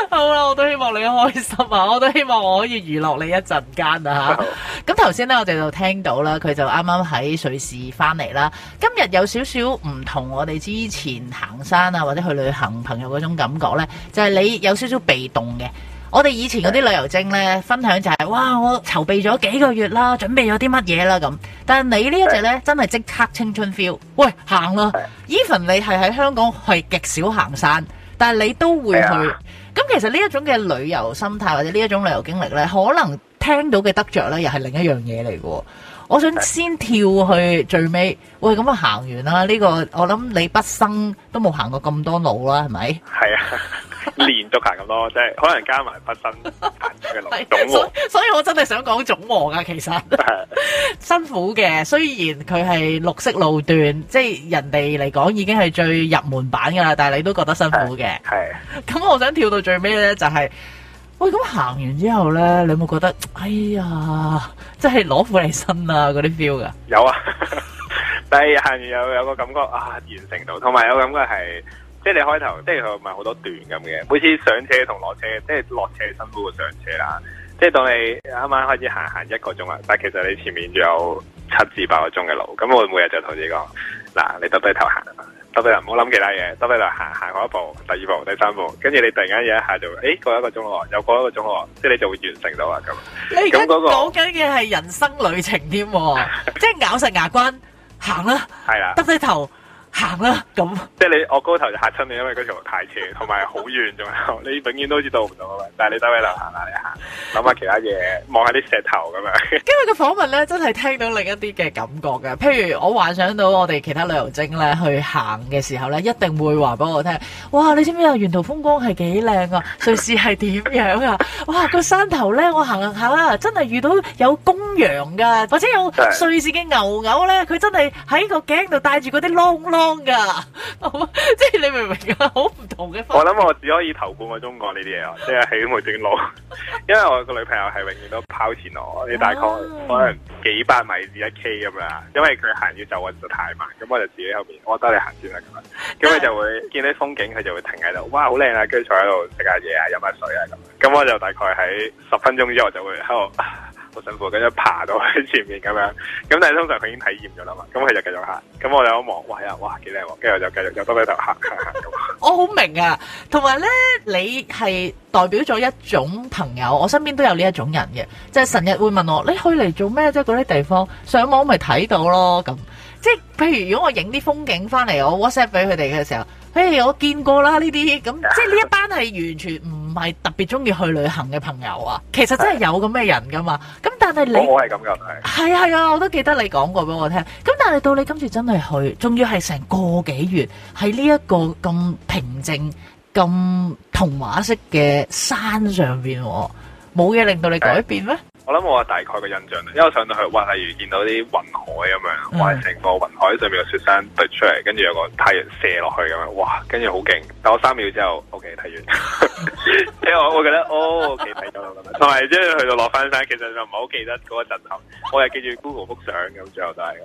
[SPEAKER 1] 好啦，我都希望你開心啊，我都希望我可以娛樂你一陣間啊，咁頭先呢，我哋就聽到啦，佢就啱啱喺瑞士翻嚟啦，今日有少少唔同我哋之前行山啊或者去旅行朋友嗰種感覺呢，就係、是、你有少少被動嘅。我哋以前嗰啲旅遊精呢，分享就係、是、哇，我籌備咗幾個月啦，準備咗啲乜嘢啦咁。但係你呢一隻呢，真係即刻青春 feel。喂，行啦！Even 的你係喺香港係極少行山，但係你都會去。咁的其實呢一種嘅旅遊心態或者呢一種旅遊經歷呢，可能聽到嘅得着呢，又係另一樣嘢嚟嘅。我想先跳去最尾。喂，咁啊行完啦，呢、這個我諗你畢生都冇行過咁多路啦，係咪？
[SPEAKER 5] 係啊的。 連續行咁多，即係可能加埋不生行出嘅路總
[SPEAKER 1] 和，所以我真係想講總和噶，其實辛苦嘅。雖然佢係綠色路段，即係人哋嚟講已經係最入門版噶啦，但係你都覺得辛苦嘅。係咁，我想跳到最尾咧，就係喂，咁行完之後咧，你有冇覺得哎呀，即係攞苦嚟辛啊嗰啲 feel 噶？
[SPEAKER 5] 有啊，但係行完又有個感覺啊，完成到，同埋有感覺係。即係你開頭，即係佢咪好多段咁嘅。每次上車同落車，即係落車辛苦過上車啦。即係當你啱啱開始行行，一,一個鐘啦，但係其實你前面仲有七至八個鐘嘅路。咁我每日就同你講，嗱，你耷低頭行，耷低頭，唔好諗其他嘢，耷低頭行，行嗰一步，第二步，第三步，跟住你突然間有一下就，誒、欸、過一個鐘咯，又過一個鐘咯，即係你就會完成到啦咁。
[SPEAKER 1] 你而家講緊嘅係人生旅程添， 即係咬實牙關行啦。係啦，耷低了頭。行啦，咁
[SPEAKER 5] 即係你我高頭就嚇親你，因為嗰條路太斜，同埋好遠，仲有你永遠都知道唔到啊！但係你低位流行下你行，諗下其他嘢，望下啲石頭咁樣。
[SPEAKER 1] 今日嘅訪問咧，真係聽到另一啲嘅感覺噶。譬如我幻想到我哋其他旅遊精咧去行嘅時候咧，一定會話俾我聽：哇！你知唔知啊？沿途風光係幾靚啊？瑞士係點樣啊？ 哇！個山頭咧，我行行下啦、啊，真係遇到有公羊噶，或者有瑞士嘅牛牛咧，佢真係喺個頸度帶住嗰啲窿窿。噶， 即係你明唔明
[SPEAKER 5] 啊？好唔同嘅。我諗我只可以投半個鐘講呢啲嘢囉，即係 起每段路， 因為我個女朋友係永遠都拋錢我，你 大概可能幾百米至一 K 咁樣，因為佢行要走我就太慢，咁我就自己後邊 我覺得你行住啦咁樣，咁佢就會見到風景，佢就會停喺度，哇，好靚啊，跟住坐喺度食下嘢啊，飲下水啊咁，咁我就大概喺十分鐘之後就會喺度。好辛苦，跟住爬到喺前面咁樣，咁但係通常佢已經體驗咗啦嘛，咁佢就繼續行，咁我哋一望，哇呀，哇，幾靚喎，跟住我就繼續又耷低頭行。
[SPEAKER 1] 我好明啊，同埋咧，你係代表咗一種朋友，我身邊都有呢一種人嘅，即係成日會問我，你去嚟做咩啫？嗰啲地方上網咪睇到咯，咁即係譬如如果我影啲風景翻嚟，我 WhatsApp 俾佢哋嘅時候。誒，hey, 我見過啦呢啲，咁即係呢一班係完全唔係特別中意去旅行嘅朋友啊，其實真係有咁嘅人噶嘛。咁的但係你我係咁
[SPEAKER 5] 樣，
[SPEAKER 1] 係係啊係啊，我都記得你講過俾我聽。咁但係到你今次真係去，仲要係成個幾月喺呢一個咁平靜、咁童話式嘅山上邊，冇嘢令到你改變咩？
[SPEAKER 5] 我諗我大概個印象啦，因為我上到去哇，例如見到啲雲海咁樣，哇，成個雲海上面個雪山突出嚟，跟住有個太陽射落去咁樣，哇，跟住好勁。但我三秒之後，OK，睇完。即係我，我覺得，哦，OK，睇咗，同埋，即、嗯、係去到落翻山，其實就唔係好記得嗰個震撼。我係記住 Google 幅相咁，最後就係、是、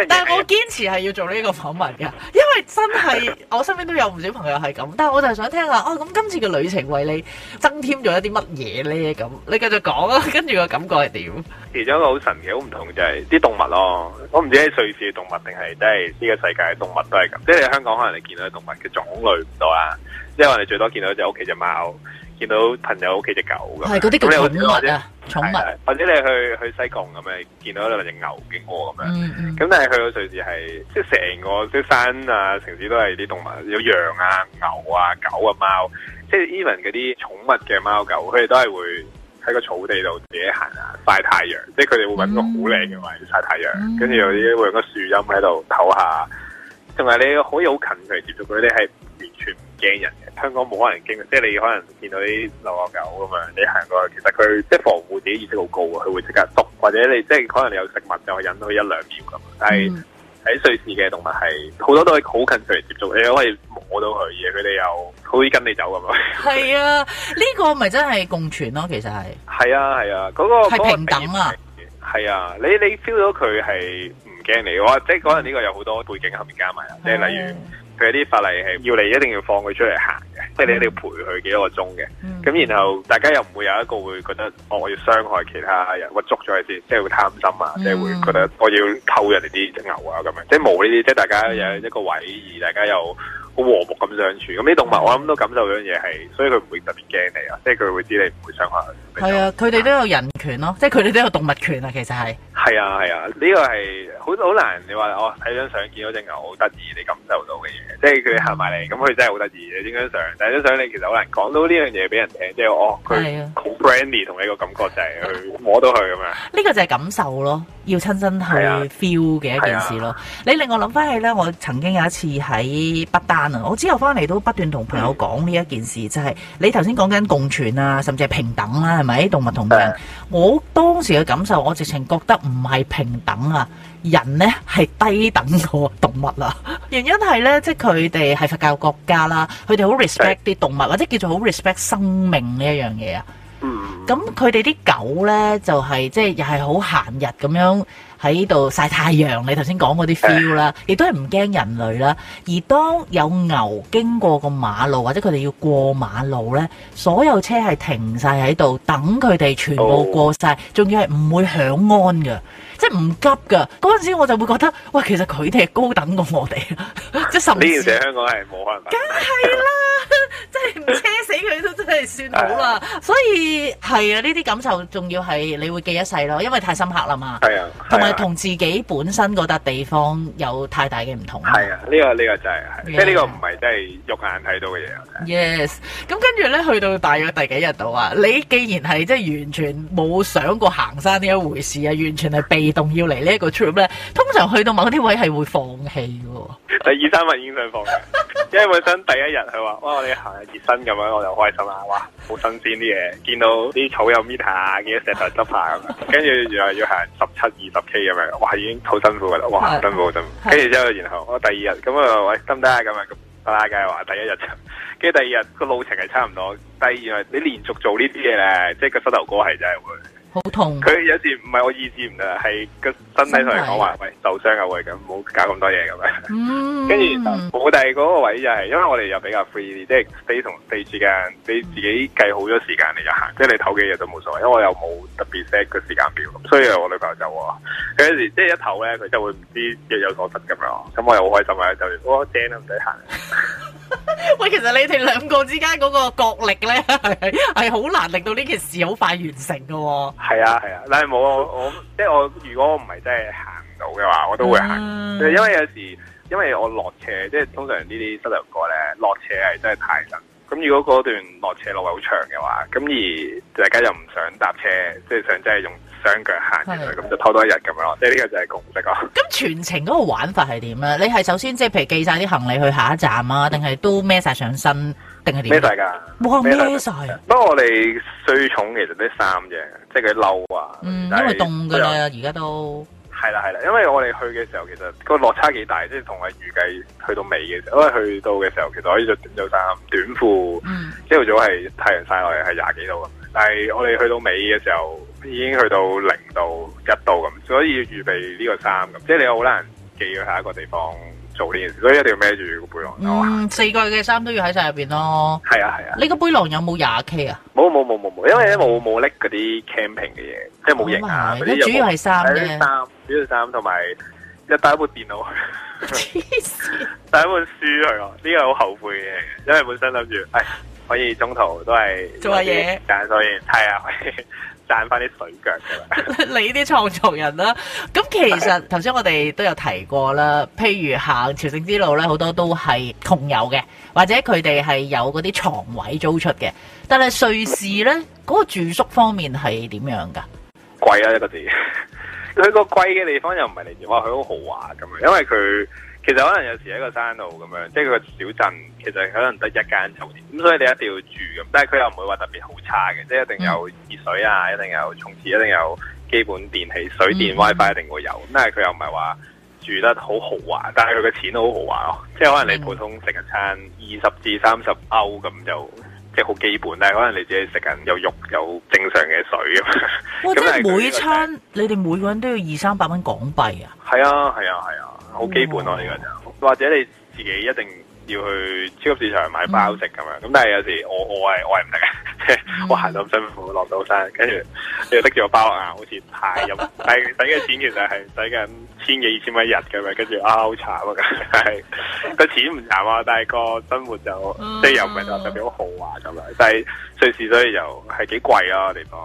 [SPEAKER 5] 咁。
[SPEAKER 1] 但係我堅持係要做呢一個訪問噶，因為真係 我身邊都有唔少朋友係咁，但係我就係想聽下，哦，咁今次嘅旅程為你增添咗一啲乜嘢咧？咁你繼續講啦、啊。跟住個感覺係點？
[SPEAKER 5] 其中一個好神奇、好唔同就係啲動物咯。我唔知喺瑞士嘅動物定係都係呢個世界嘅動物都係咁。即係你香港可能你見到嘅動物嘅種類唔多啦。即係我哋最多見到就屋企隻貓，見到朋友屋企隻狗咁。係嗰啲
[SPEAKER 1] 動物
[SPEAKER 5] 啊，寵物。或者你去去西貢咁樣見到嗰兩隻牛經過咁樣。咁但係去到瑞士係即係成個啲山啊、城市都係啲動物，有羊啊、牛啊、狗啊、貓。即係 even 嗰啲寵物嘅貓狗，佢哋都係會，喺個草地度自己行啊，曬太陽，即係佢哋會搵個好靚嘅位曬太陽，跟住有啲用個樹蔭喺度唞下。同埋你好近距離接觸佢哋係完全唔驚人嘅，香港冇可能驚嘅，即係你可能見到啲流浪狗咁樣，你行過去，其實佢即係防護自己意識好高，佢會即刻躲，或者你即係可能你有食物就會引到佢一兩秒咁。但係喺、mm hmm. 瑞士嘅動物係好多都係好近距離接觸，你可以。我都佢嘅，佢哋又好似跟你走咁啊！係啊，
[SPEAKER 1] 呢個咪真係共存咯，其實係。
[SPEAKER 5] 係啊係啊，嗰個係平等啊！係啊，你你 feel 到佢係唔驚你嘅話，即係可能呢個有好多背景後面加埋啊！即係例如佢有啲法例係要你一定要放佢出嚟行嘅，即係你一定要陪佢幾多個鐘嘅。咁然後大家又唔會有一個會覺得我要傷害其他人，我捉咗佢先，即係會貪心啊，即係會覺得我要偷人哋啲牛啊咁樣，即係冇呢啲，即係大家有一個位而大家又。好和睦咁相處，咁啲動物我諗都感受到樣嘢係，所以佢唔會特別驚你,你啊，即係佢會知你唔會傷害
[SPEAKER 1] 佢。係啊，佢哋都有人權咯，嗯、即係佢哋都有動物權啊，其實係。
[SPEAKER 5] 係啊係啊，呢、啊這個係好好難。你話哦，睇張相見到隻牛好得意，你感受到嘅嘢，即係佢行埋嚟，咁佢、嗯、真係好得意嘅一張相。但係張相你其實好難講到呢樣嘢俾人聽，即係我佢好 friendly 同、啊、你個感覺就係、是、去摸到佢咁樣。
[SPEAKER 1] 呢、啊這個就係感受咯。要親身去 feel 嘅一件事咯。啊啊、你令我諗翻起咧，我曾經有一次喺不丹啊，我之後翻嚟都不斷同朋友講呢一件事，就係、是、你頭先講緊共存啊，甚至係平等啦，係咪動物同人？啊、我當時嘅感受，我直情覺得唔係平等啊，人呢係低等個動物啊， 原因係呢，即係佢哋係佛教國家啦，佢哋好 respect 啲動物，啊、或者叫做好 respect 生命呢一樣嘢啊。嗯，咁佢哋啲狗呢，就係即係又係好閒日咁樣喺度曬太陽，你頭先講嗰啲 feel 啦，亦都係唔驚人類啦。而當有牛經過個馬路，或者佢哋要過馬路呢，所有車係停晒喺度等佢哋全部過晒，仲要係唔會響安㗎。即係唔急噶，嗰陣時我就會覺得，喂，其實佢哋係高等過我哋，
[SPEAKER 5] 即係甚至香港係冇可能。梗
[SPEAKER 1] 係啦，即係唔車死佢都真係算好啦。所以係啊，呢啲感受仲要係你會記一世咯，因為太深刻啦
[SPEAKER 5] 嘛。係啊，同埋同
[SPEAKER 1] 自己本身嗰笪地方有太大嘅唔同。係
[SPEAKER 5] 啊，呢個呢個就係，即係呢個唔係真係肉眼睇到嘅嘢。
[SPEAKER 1] Yes，咁跟住咧去到大約第幾日度啊？你既然係即係完全冇想過行山呢一回事啊，完全係被。動要嚟呢一個 trip 咧，通常去到某啲位係會放棄嘅。
[SPEAKER 5] 第二生份已經想放棄， 因為本身第一日佢話：，哇，我哋行下熱身咁樣，我就開心啦！哇，好新鮮啲嘢，見到啲草又搣下，見到石頭執下咁。跟住又係要行十七二十 k 咁樣，哇，已經好辛苦啦！哇，辛苦到跟住之後,然後行行、啊然，然後我第二日咁啊，喂，得唔得啊？咁啊，咁拉架話第一日，跟住第二日個路程係差唔多。第二日你連續做呢啲嘢咧，即係個膝頭哥係真係會。好痛！佢有時唔係我意志唔得啦，係個身體上嚟講話，的喂，受傷啊，喂，咁冇搞咁多嘢咁樣。跟住我哋嗰個位就係、是，因為我哋又比較 free，即係 day 同 day 之間，你自己計好咗時間你就行，即係你唞幾日就冇所謂，因為我又冇特別 set 個時間表咁。所以我女朋友就話：，有時即係一唞咧，佢就會唔知若有所失咁樣，咁我又好開心啊！就哇正都唔使行。
[SPEAKER 1] 喂，其實你哋兩個之間嗰個角力咧，係係好難令到呢件事好快完成噶、哦。係啊係啊，但係
[SPEAKER 5] 冇啊。我，我即係我如果唔係真係行唔到嘅話，我都會行。嗯、因為有時因為我落斜，即係通常歌呢啲失獨哥咧落斜係真係太難。咁如果嗰段落斜路位好長嘅話，咁而大家又唔想搭車，即係想真係用。雙腳行咁樣，咁就拖多一日咁樣咯。即係呢個就係共識咯。咁
[SPEAKER 1] 全程嗰個玩法係點咧？你係首先即係譬如寄晒啲行李去下一站啊，定係都孭晒上身，定係點？孭曬㗎。哇！孭晒。
[SPEAKER 5] 不過我哋最重其實啲衫啫，即係啲褸啊。因為凍㗎啦，而家都。係啦係啦，因為我哋去嘅時候其實個落差幾大，即係同我預計去到尾嘅時候，因為去到嘅時候其實可以着短袖衫、短褲。朝頭早係太陽晒落嚟係廿幾度咁，但係我哋去到尾嘅時候。已經去到零度、一度咁，所以要預備呢個衫咁，即係你好難寄去下一個地方做呢件事，所以一定要孭住個背囊。
[SPEAKER 1] 嗯，哇四個月嘅衫都要喺晒入邊咯。係啊
[SPEAKER 5] 係啊，啊你
[SPEAKER 1] 個背囊有冇廿 K 啊？
[SPEAKER 5] 冇冇冇冇冇，因為咧冇冇拎嗰啲 camping 嘅嘢，即係冇營啊。主要係衫衫，主要衫同埋又帶一部電腦去，帶 一本書去咯。呢個好後悔嘅，因為本身諗住，哎，可以中途都係做下事嘢，但係所以係啊。賺翻啲水腳
[SPEAKER 1] 你啲創作人啦。咁其實頭先 我哋都有提過啦，譬如行朝聖之路咧，好多都係窮遊嘅，或者佢哋係有嗰啲床位租出嘅。但係瑞士呢，嗰、嗰個住宿方面係點樣噶
[SPEAKER 5] 貴啊一個字。佢個貴嘅地方又唔係嚟自話佢好豪華咁樣，因為佢其實可能有時喺個山路咁樣，即係佢個小鎮。其實可能得一間酒店，咁所以你一定要住咁，但係佢又唔會話特別好差嘅，即係一定有熱水啊，一定有沖廁，一定有基本電器、水電、嗯、WiFi 一定會有。但係佢又唔係話住得好豪華，但係佢嘅錢都好豪華咯，即係可能你普通食一餐二十至三十歐咁就即係好基本，但係可能你自己食緊有肉有正常嘅水
[SPEAKER 1] 啊。哇、 哦！即係每餐 你哋每個人都要二三百蚊港幣啊？
[SPEAKER 5] 係啊係啊係啊，好、啊啊啊啊、基本咯、啊，呢個就或者你自己一定。要去超級市場買包食咁樣，咁但係有時我我係我係唔得嘅，我，我行到咁 辛苦落到山，跟住又拎住個包啊，好似太飲，但係使嘅錢其實係使緊千幾二千蚊一日噶嘛，跟住啊好慘啊，係個 錢唔慘啊，但係個生活就即係、uh huh. 又唔係話特別好豪華咁樣，但係瑞士所以又係幾貴啊。地方。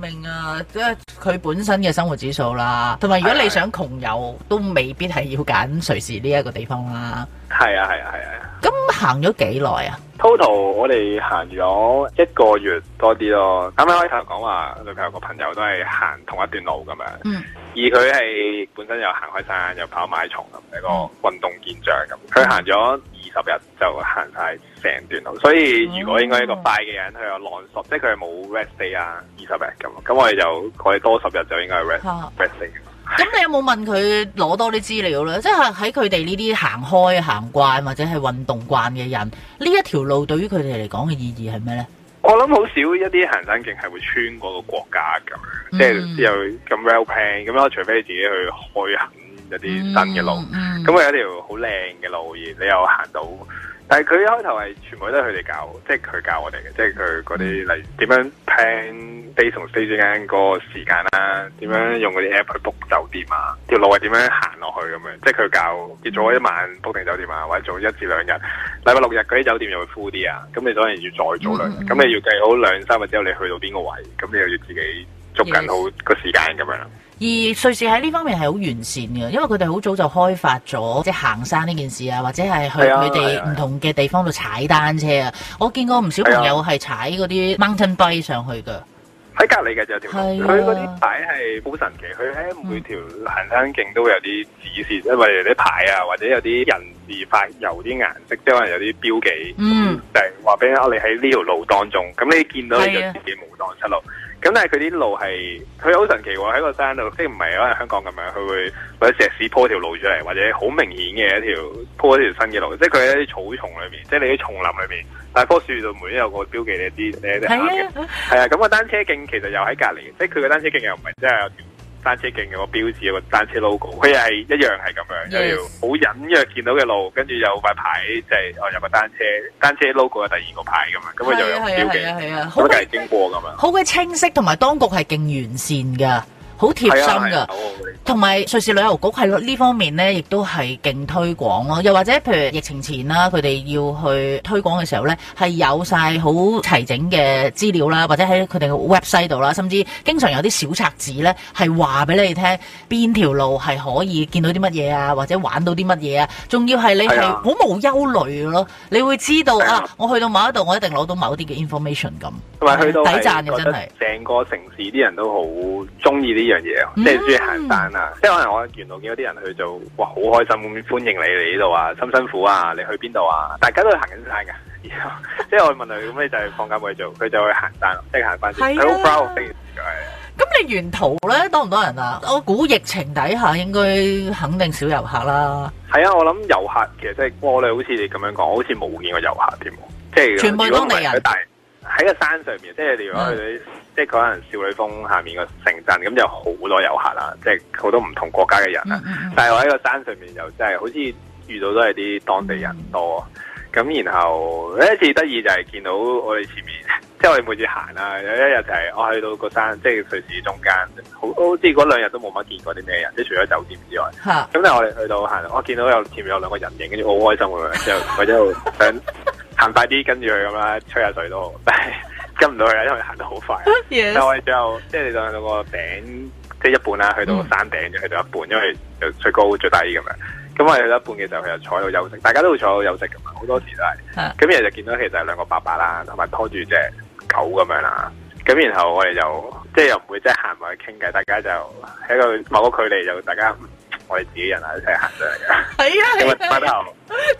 [SPEAKER 1] 明啊，即係佢本身嘅生活指數啦，同埋如果你想窮遊，的都未必係要揀瑞士呢一個地方啦。
[SPEAKER 5] 係啊係啊係啊！
[SPEAKER 1] 咁行咗幾耐啊
[SPEAKER 5] ？Total 我哋行咗一個月多啲咯。啱、嗯、啱可以同佢講話，佢佢有個朋友都係行同一段路咁樣。嗯。而佢係本身又行開山又跑馬拉松咁，一個運動健將咁。佢行咗二十日就行晒成段路，所以如果應該一個快嘅人，佢有浪索，即係佢冇 rest day 啊，二十日咁。咁我哋就可以多十日就應該 rest rest day、嗯。嗯
[SPEAKER 1] 咁你有冇問佢攞多啲資料咧？即係喺佢哋呢啲行開行慣或者係運動慣嘅人，呢一條路對於佢哋嚟講嘅意義係咩咧？
[SPEAKER 5] 我諗好少一啲行山徑係會穿過個國家咁、嗯、即係又咁 well plan 咁樣，除非你自己去開行一啲新嘅路，咁係、嗯嗯、一條好靚嘅路，而你又行到。但係佢一開頭係全部都係佢哋教，即係佢教我哋嘅，即係佢嗰啲例如點樣 plan day 同 day 之間個時間啦、啊，點樣用嗰啲 app 去 book 酒店啊，條路係點樣行落去咁樣，即係佢教要做一晚 book 定酒店啊，或者做一至兩日，禮拜六日嗰啲酒店又會 full 啲啊，咁你當然要再做兩日，咁、mm hmm. 你要計好兩三日之後你去到邊個位，咁你又要自己捉緊好個時間咁樣。Yes.
[SPEAKER 1] 而瑞士喺呢方面係好完善嘅，因為佢哋好早就開發咗即係行山呢件事啊，或者係去佢哋唔同嘅地方度踩單車啊。我見過唔少朋友係踩嗰啲 mountain bike 上去嘅。
[SPEAKER 5] 喺隔籬嘅就有條，佢嗰啲牌係好神奇。佢喺每條行山徑都會有啲指示，因為啲牌啊，或者有啲人字發有啲顏色，即係可能有啲標記，
[SPEAKER 3] 嗯，
[SPEAKER 5] 就係話俾我哋喺呢條路當中。咁你見到你就自己無當出路。咁但係佢啲路係，佢好神奇喎，哦！喺個山度，即係唔係可能香港咁樣，佢會或者石屎鋪條路出嚟，或者好明顯嘅一條鋪一條新嘅路。即係佢喺啲草叢裏面，即係你啲叢林裏面，但係棵樹度每都有個標記，你知你一定行嘅。係啊，係啊。咁，那個單車徑其實又喺隔籬，即係佢嘅單車徑又唔係即係。單車徑有個標誌，有個單車 logo，佢又係一樣係咁樣，又要好隱約見到嘅路，跟住有塊牌，就係、是、哦有架單車，單車 logo 嘅第二個牌噶嘛，咁佢就有標記，咁好係經過噶嘛，
[SPEAKER 1] 好嘅清晰同埋當局係勁完善噶。好貼心㗎，同埋瑞士旅遊局係呢方面咧，亦都係勁推廣咯。又或者譬如疫情前啦，佢哋要去推廣嘅時候咧，係有晒好齊整嘅資料啦，或者喺佢哋嘅 website 度啦，甚至經常有啲小冊子咧，係話俾你聽邊條路係可以見到啲乜嘢啊，或者玩到啲乜嘢啊。仲要係你係好無憂慮咯，你會知道的啊，我去到某一度，我一定攞到某啲嘅 information 咁，同埋去到抵讚嘅真係
[SPEAKER 5] 成個城市啲人都好中意啲。呢樣嘢，嗯、即係中意行山啊！即係可能我沿路見到啲人去做，哇，好開心咁歡迎你嚟呢度啊，辛辛苦啊，你去邊度啊？大家都去行緊山噶，然後，即係我問佢，咁，嗯、你就係放假冇去做，佢就去行山，啊、即係行翻先。佢好 proud
[SPEAKER 1] 咁。你沿途咧多唔多人啊？我估疫情底下應該肯定少遊客啦。
[SPEAKER 5] 係啊，我諗遊客其實即係我哋好似你咁樣講，好似冇見過遊客添，即係全部當地人。但係喺個山上邊，即係如果佢。嗯即係可能少女峰下面個城鎮咁就有好多遊客啦，即係好多唔同國家嘅人啦。嗯、但係我喺個山上面又真係好似遇到都係啲當地人多，咁、嗯、然後一次得意就係見到我哋前面，即係我哋每次行啦，有一日就係我去到個山，即係瑞士中間，好似嗰兩日都冇乜見過啲咩人，即係除咗酒店之外。咁、嗯、但係我哋去到行，我見到有前面有兩個人影，跟住好開心咁樣，就我就想行快啲跟住佢咁啦，吹下水都。跟唔到佢啊，因為行得好快。就 Yes. 我哋最後即係去到個頂，即係一半啦，去到山頂就去到一半，因為最高最低咁樣。咁我哋去到一半嘅時候，佢就坐到休息。大家都會坐到休息，咁好多時都係。咁 Yes. 然後就見到其實就兩個爸爸啦，同埋拖住隻狗咁樣啦。咁然後我哋就即係又唔會即係行埋去傾偈，大家就喺個某個距離就大家，我哋自
[SPEAKER 3] 己人自己啊，一齊行上嚟嘅，係啊，
[SPEAKER 5] 轉個頭，啊、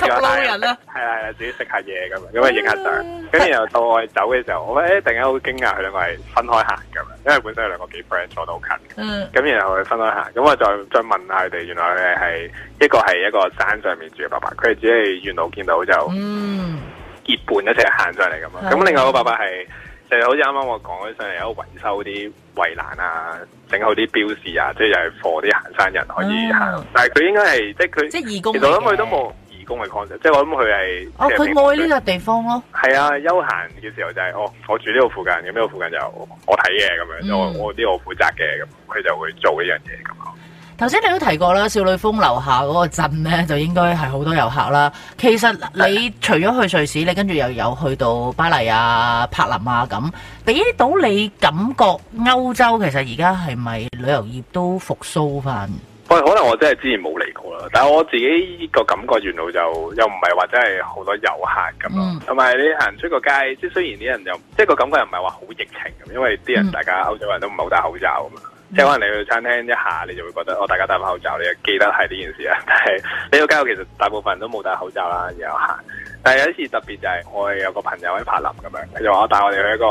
[SPEAKER 5] 後同人啊，係啊係啊，啊，啊，自己食下嘢咁啊，咁啊影下相，咁然後， 然後到我哋走嘅時候，我咧突然間好驚訝，佢兩個係分開行嘅，因為本身佢兩個幾 friend 坐得好近，嗯，咁然後我哋分開行，咁我再再問下佢哋，原來佢哋係一個係一個山上面住嘅爸爸，佢哋只係沿路見到就、
[SPEAKER 3] 嗯、
[SPEAKER 5] 結伴一齊行上嚟咁啊，咁 另外個爸爸係。就係好似啱啱我講起上嚟，有個維修啲圍欄啊，整好啲標示啊，即係又係貨啲行山人可以行。嗯、但係佢應該係即係佢，即係義工。其實我諗佢都冇義工嘅 concept，即係我諗佢係哦，佢
[SPEAKER 1] 愛呢個地方咯。
[SPEAKER 5] 係啊，休閒嘅時候就係、是、哦，我住呢度附近，咁呢度附近就我睇嘅咁樣，嗯、我我啲我負責嘅咁，佢就會做呢樣嘢咁咯。
[SPEAKER 1] 頭先你都提過啦，少女峰樓下嗰個鎮咧就應該係好多遊客啦。其實你除咗去瑞士，你跟住又有去到巴黎啊、柏林啊咁，俾到你感覺歐洲其實而家係咪旅遊業都復甦翻？
[SPEAKER 5] 喂、嗯，可能我真係之前冇嚟過啦，但係我自己個感覺原嚟就又唔係話真係好多遊客咁咯，同埋你行出個街，即雖然啲人又即係個感覺又唔係話好疫情咁，因為啲人大家歐洲人都係唔好戴口罩啊嘛。即係可能你去餐廳一下，你就會覺得哦，大家戴埋口罩，你又記得係呢件事啊！但係呢、這個街路其實大部分人都冇戴口罩啦，然後行，但係有一次特別就係、是、我哋有個朋友喺柏林咁樣，佢就話我帶我哋去一個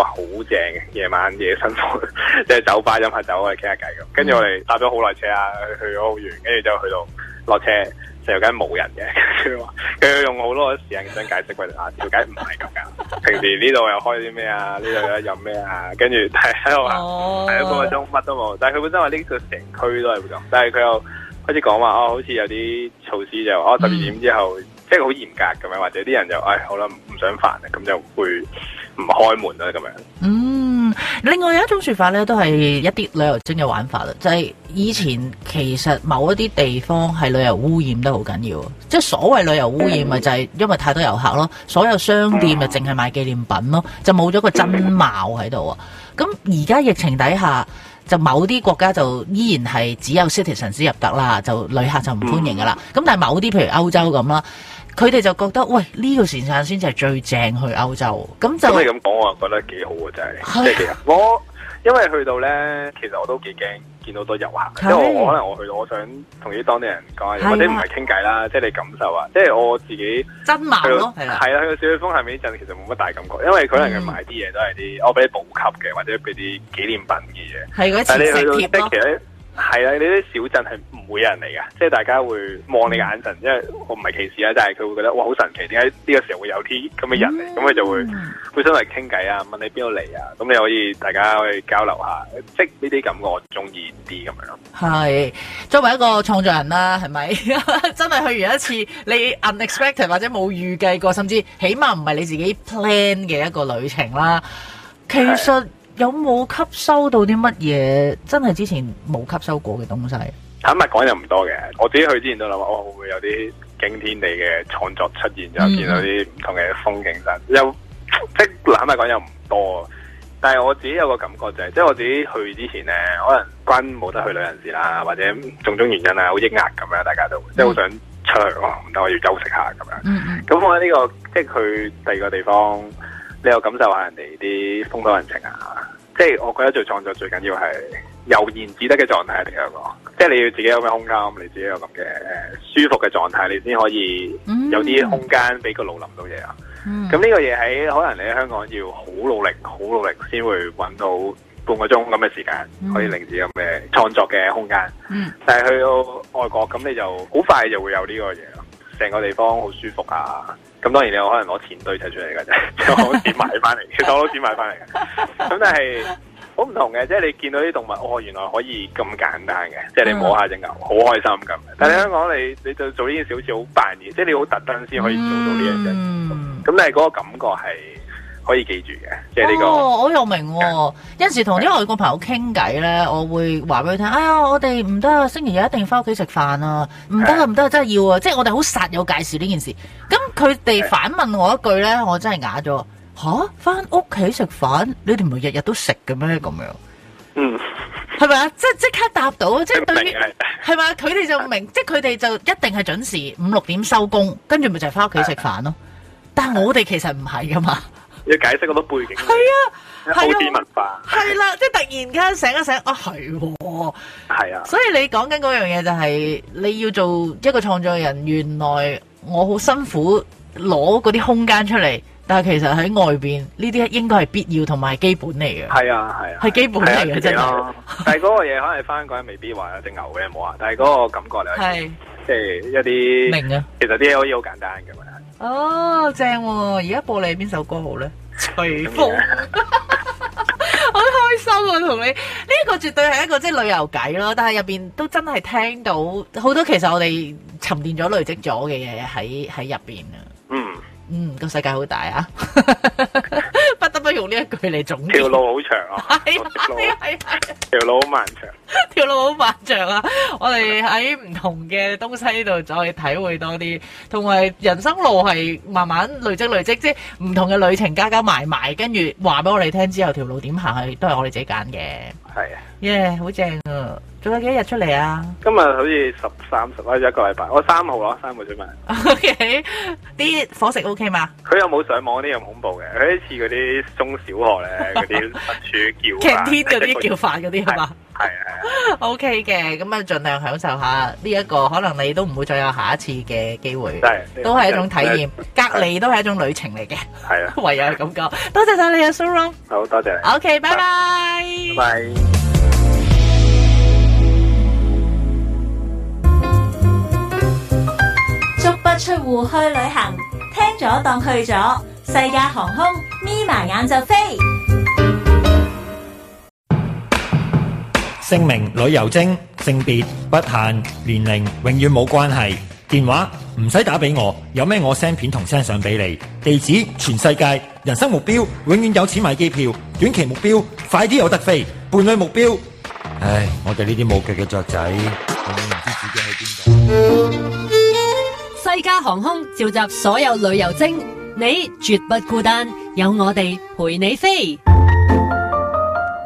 [SPEAKER 5] 哇好正嘅夜晚夜生活， 即係酒吧飲下酒，我哋傾下偈咁。跟住、mm hmm. 我哋搭咗好耐車啊，去咗好遠，跟住就去到落車。就梗係冇人嘅，佢話佢要用好多時間想解釋，佢話，條街唔係咁噶， 平時呢度又開啲咩啊？呢度咧有咩啊？跟住但係喺度話，係啊、哦，半、哎那個鐘乜都冇。但係佢本身話呢個成區都係咁，但係佢又開始講話，哦，好似有啲措施就，哦十二點之後，嗯、即係好嚴格咁樣，或者啲人就，哎，好啦，唔想煩啊，咁就會唔開門啦咁樣。嗯。
[SPEAKER 1] 另外有一種説法咧，都係一啲旅遊精嘅玩法啦，就係以前其實某一啲地方係旅遊污染都好緊要，即係所謂旅遊污染咪就係因為太多遊客咯，所有商店咪淨係賣紀念品咯，就冇咗個真貌喺度啊。咁而家疫情底下，就某啲國家就依然係只有 citizens 先入得啦，就旅客就唔歡迎噶啦。咁但係某啲譬如歐洲咁啦。佢哋就覺得，喂，呢、呢個時間先就係最正去歐洲，
[SPEAKER 5] 咁就都係咁講，我覺得幾好啊，真係。係是其實我因為去到咧，其實我都幾驚見到多遊客，是因為我可能我去，到，我想同啲當地人講，啊、或者唔係傾偈啦，即係你感受啊，即係我自己真話咯、喔，係到啊去，去到少女峰下面嗰陣，其實冇乜大感覺，因為佢可能買啲嘢都係啲，嗯、我俾你補給嘅，或者俾啲紀念品嘅嘢，係嗰啲石係啦，你啲小鎮係唔會有人嚟噶，即係大家會望你眼神，因為我唔係歧視啊。但係佢會覺得哇好神奇，點解呢個時候會有啲咁嘅人嚟？咁佢、嗯、就會會想嚟傾偈啊，問你邊度嚟啊，咁你可以大家可以交流下，即呢啲感覺我中意啲咁樣咯。
[SPEAKER 1] 係作為一個創作人啦，係咪 真係去完一次你 unexpected 或者冇預計過，甚至起碼唔係你自己 plan 嘅一個旅程啦，
[SPEAKER 5] 其實。
[SPEAKER 1] 有冇吸收到啲乜嘢？真係之前冇吸收過嘅東西，
[SPEAKER 5] 坦白講又唔多嘅。我自己去之前都諗我哇，會唔會有啲驚天地嘅創作出現？嗯、又見到啲唔同嘅風景，又即係坦白講又唔多。但係我自己有個感覺就係、是，即係我自己去之前咧，可能軍冇得去旅行時啦，或者種種原因啊，好抑壓咁樣，大家都、嗯、大家即係好想出去。我唔得，我要休息下咁樣。咁、嗯嗯、我喺呢、這個即係去第二個地方。你有感受下人哋啲風土人情啊！即係我覺得做創作最緊要係悠然自得嘅狀態嚟。香港即係你要自己有咩空間，你自己有咁嘅誒舒服嘅狀態，你先可以有啲空間俾個腦諗到嘢啊！咁呢、嗯、個嘢喺可能你喺香港要好努力，好努力先會搵到半個鐘咁嘅時間可以令自己咁嘅創作嘅空間。嗯、但係去到外國咁，你就好快就會有呢個嘢咯、啊，成個地方好舒服啊！咁當然你有可能攞錢堆砌出嚟㗎啫，攞錢買翻嚟。其實我攞錢買翻嚟嘅，咁但係好唔同嘅，即係你見到啲動物，哦原來可以咁簡單嘅，即係你摸下隻牛，好開心咁。但係香港你你就做呢件小事好似好扮嘅，即係你好特登先可以做到呢樣嘢。咁但係嗰個感覺係。可以記住嘅，即係呢個。
[SPEAKER 1] 哦，我又明喎，哦。 有時同啲外國朋友傾偈咧，我會話俾佢聽。哎呀，我哋唔得啊！星期日一定返屋企食飯啊！唔得啊唔得啊，真係要啊！即係我哋好煞有介事呢件事。咁佢哋反問我一句咧，我真係啞咗。嚇，返屋企食飯？你哋唔係日日都食嘅咩？咁樣？嗯，係咪啊？即係即刻答到，嗯、即係對於係咪佢哋就明， 即係佢哋就一定係準時五六點收工，跟住咪就係返屋企食飯咯。但係我哋其實唔係噶嘛。
[SPEAKER 5] 要解釋好多背景，係啊，古典文
[SPEAKER 1] 化，係啦，即係突然間醒一醒，哦，係喎，係啊，所以你講緊嗰樣嘢就係你要做一個創造人，原來我好辛苦攞嗰啲空間出嚟，但係其實喺外邊呢啲應該係必要同埋係基本嚟嘅，係啊，係啊，係基本嚟嘅真係。但
[SPEAKER 5] 係嗰個嘢可能翻過嚟未必話有隻牛嘅冇啊，但係嗰個感覺咧係即係一啲明啊，其實啲嘢可以好簡單噶嘛。
[SPEAKER 1] 哦，正喎、哦！而家播你邊首歌好咧？隨風，好開心啊！同你呢、呢個絕對係一個即係旅遊偈咯，但係入邊都真係聽到好多其實我哋沉澱咗、累積咗嘅嘢喺喺入邊啊。嗯。嗯，個世界好大啊， 不得不用呢一句嚟
[SPEAKER 5] 總結。條路好長啊，係啊係啊，條路好、哎、呀漫
[SPEAKER 1] 長，條路好漫長啊！ 我哋喺唔同嘅東西度再去體會多啲，同埋人生路係慢慢累積累積，即係唔同嘅旅程加加埋埋，跟住話俾我哋聽之後，條路點行去都係我哋自己揀嘅。係啊，耶，yeah，好正啊！仲有幾多日出嚟啊？
[SPEAKER 5] 今日好似十三、十一一個禮拜，我三號咯，三號出面。O
[SPEAKER 1] K，啲伙食 O K 嘛？
[SPEAKER 5] 佢有冇上網啲咁恐怖嘅？佢似嗰啲中小學咧，嗰啲處叫 canteen 嗰啲叫飯
[SPEAKER 1] 嗰啲係嘛？係啊，OK 嘅，咁啊盡量享受下呢一個，可能你都唔會再有下一次嘅機會，嗯嗯、都係一種體驗，嗯嗯、隔離都係一種旅程嚟嘅，係啊、嗯， 唯有係咁講，多謝晒你啊 Sorong，好多謝 OK，拜拜，拜拜，拜拜，足不出戶去旅行，聽咗當去咗，世界航空眯埋眼就飛。
[SPEAKER 5] 姓名旅遊精，性別不限，年齡永遠冇關係。電話唔使打俾我，有咩我 send 片同 send 相俾你。地址全世界，人生目標永遠有錢買機票，短期目標快啲有得飛，伴侶目標，
[SPEAKER 1] 唉，我哋呢啲冇腳嘅雀仔，永遠唔知自己喺邊度。西加航空召集所有旅遊精，你絕不孤單，有我哋陪你飛。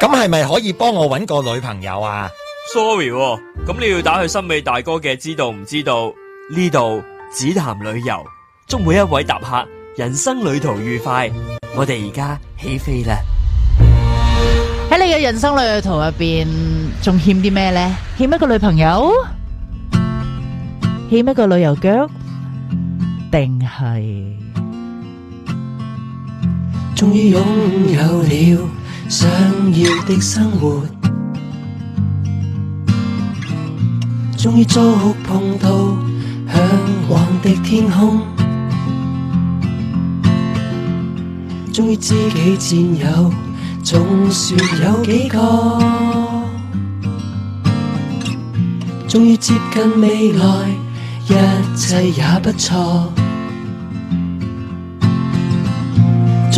[SPEAKER 5] 咁係咪可以幫我搵個女朋友啊？Sorry 喎，咁你要打去森美大哥嘅，知道唔知道？呢度只談旅遊，
[SPEAKER 2] 祝每一位搭客人生旅途愉快。我哋而家起飛啦！
[SPEAKER 1] 喺你嘅人生旅途入邊，仲欠啲咩呢？欠一個女朋友，欠一個旅遊腳，定係終於擁有
[SPEAKER 3] 了。
[SPEAKER 2] 想要的生活，終於足碰到向往的天空。終於知己戰友，總算有幾個。終於接近未來，一切也不錯。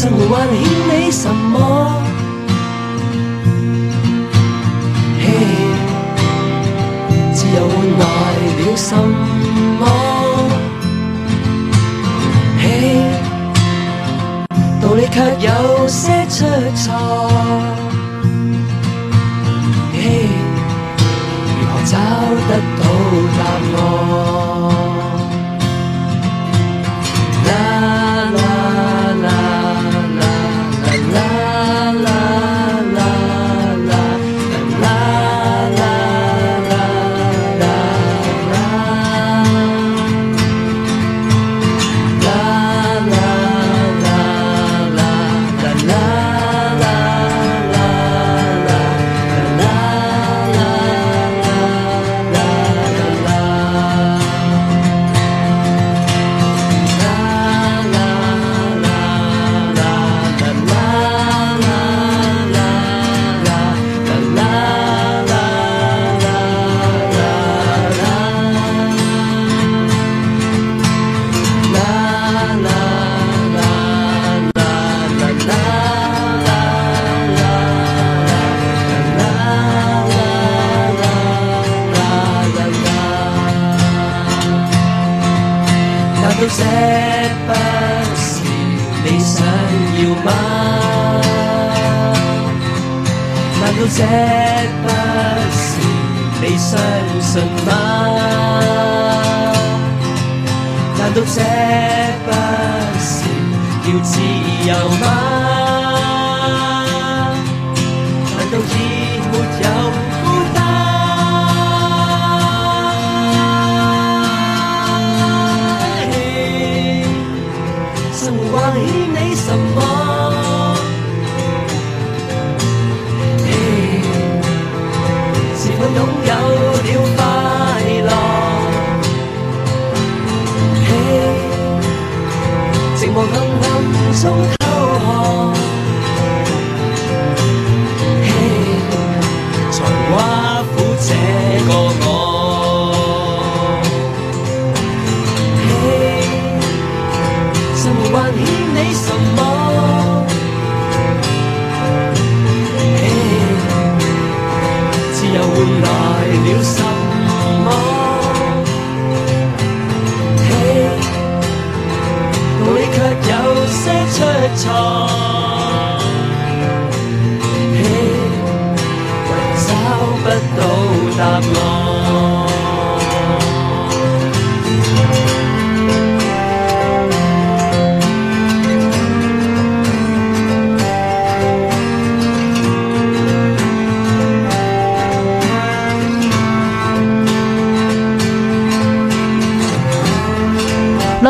[SPEAKER 2] 生活還欠你什麼？嘿、hey，自由換來了什麼？嘿、hey，道理卻有些出錯。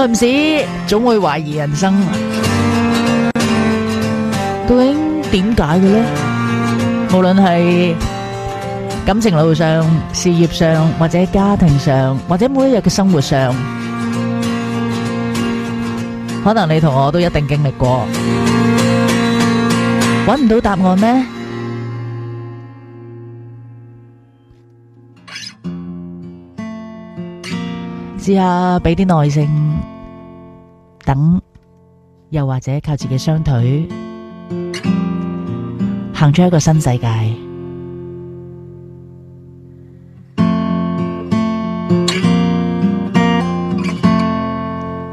[SPEAKER 1] 有時總會懷疑人生，究竟點解嘅咧？無論係感情路上、事業上，或者家庭上，或者每一日嘅生活上，可能你同我都一定經歷過，揾唔到答案咩？試下俾啲耐性，等又或者靠自己雙腿，行出一個新世界。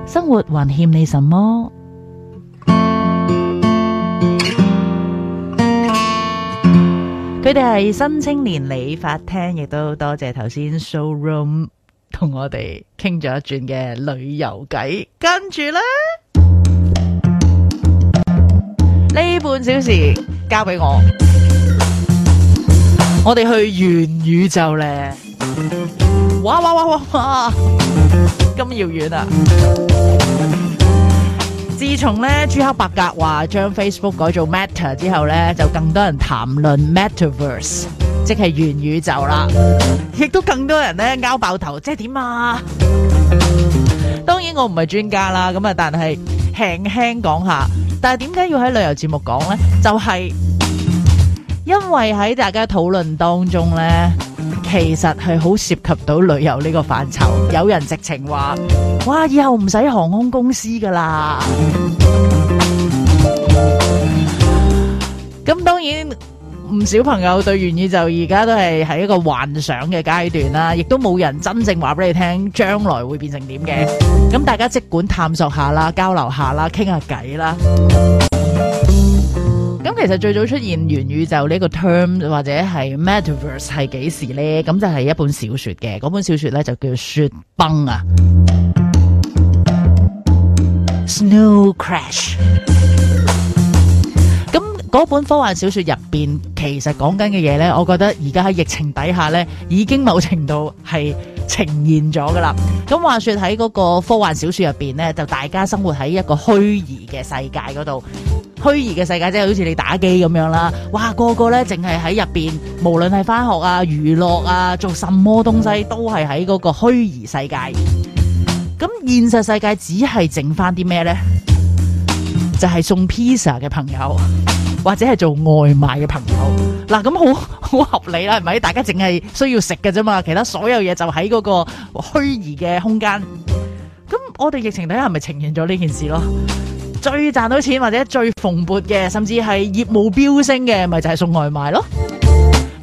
[SPEAKER 1] 生活還欠你什麼？佢哋係新青年理髮廳，亦都多謝頭先 showroom。同我哋傾咗一轉嘅旅遊偈，跟住咧呢 半小時交俾我， 我哋去元宇宙咧，哇哇哇哇哇，咁遙遠啊！自從咧朱克伯格話將 Facebook 改做 Meta 之後咧，就更多人談論 Metaverse。即係元宇宙啦，亦都更多人咧拗爆頭，即係點啊？當然我唔係專家啦，咁啊，但係輕輕講下。但係點解要喺旅遊節目講呢？就係、是、因為喺大家討論當中呢，其實係好涉及到旅遊呢個範疇。有人直情話，哇，以後唔使航空公司噶啦。咁當然。唔少朋友對元宇宙而家都係喺一個幻想嘅階段啦，亦都冇人真正話俾你聽將來會變成點嘅。咁大家即管探索下啦，交流下啦，傾下偈啦。咁其實最早出現元宇宙呢個 term 或者係 metaverse 係幾時呢？咁就係一本小說嘅，嗰本小說咧就叫雪崩啊，Snow Crash。嗰本科幻小說入邊，其實講緊嘅嘢呢，我覺得而家喺疫情底下呢已經某程度係呈現咗噶啦。咁話說喺嗰個科幻小說入邊呢，就大家生活喺一個虛擬嘅世界嗰度，虛擬嘅世界即係好似你打機咁樣啦。哇，個個呢淨係喺入邊，無論係翻學啊、娛樂啊、做什麼東西，都係喺嗰個虛擬世界。咁現實世界只係剩翻啲咩呢？就係送披薩嘅朋友。或者係做外賣嘅朋友，嗱咁好好合理啦，係咪？大家淨係需要食嘅啫嘛，其他所有嘢就喺嗰個虛擬嘅空間。咁我哋疫情底下係咪呈現咗呢件事咯？最賺到錢或者最蓬勃嘅，甚至係業務飆升嘅，咪就係送外賣咯。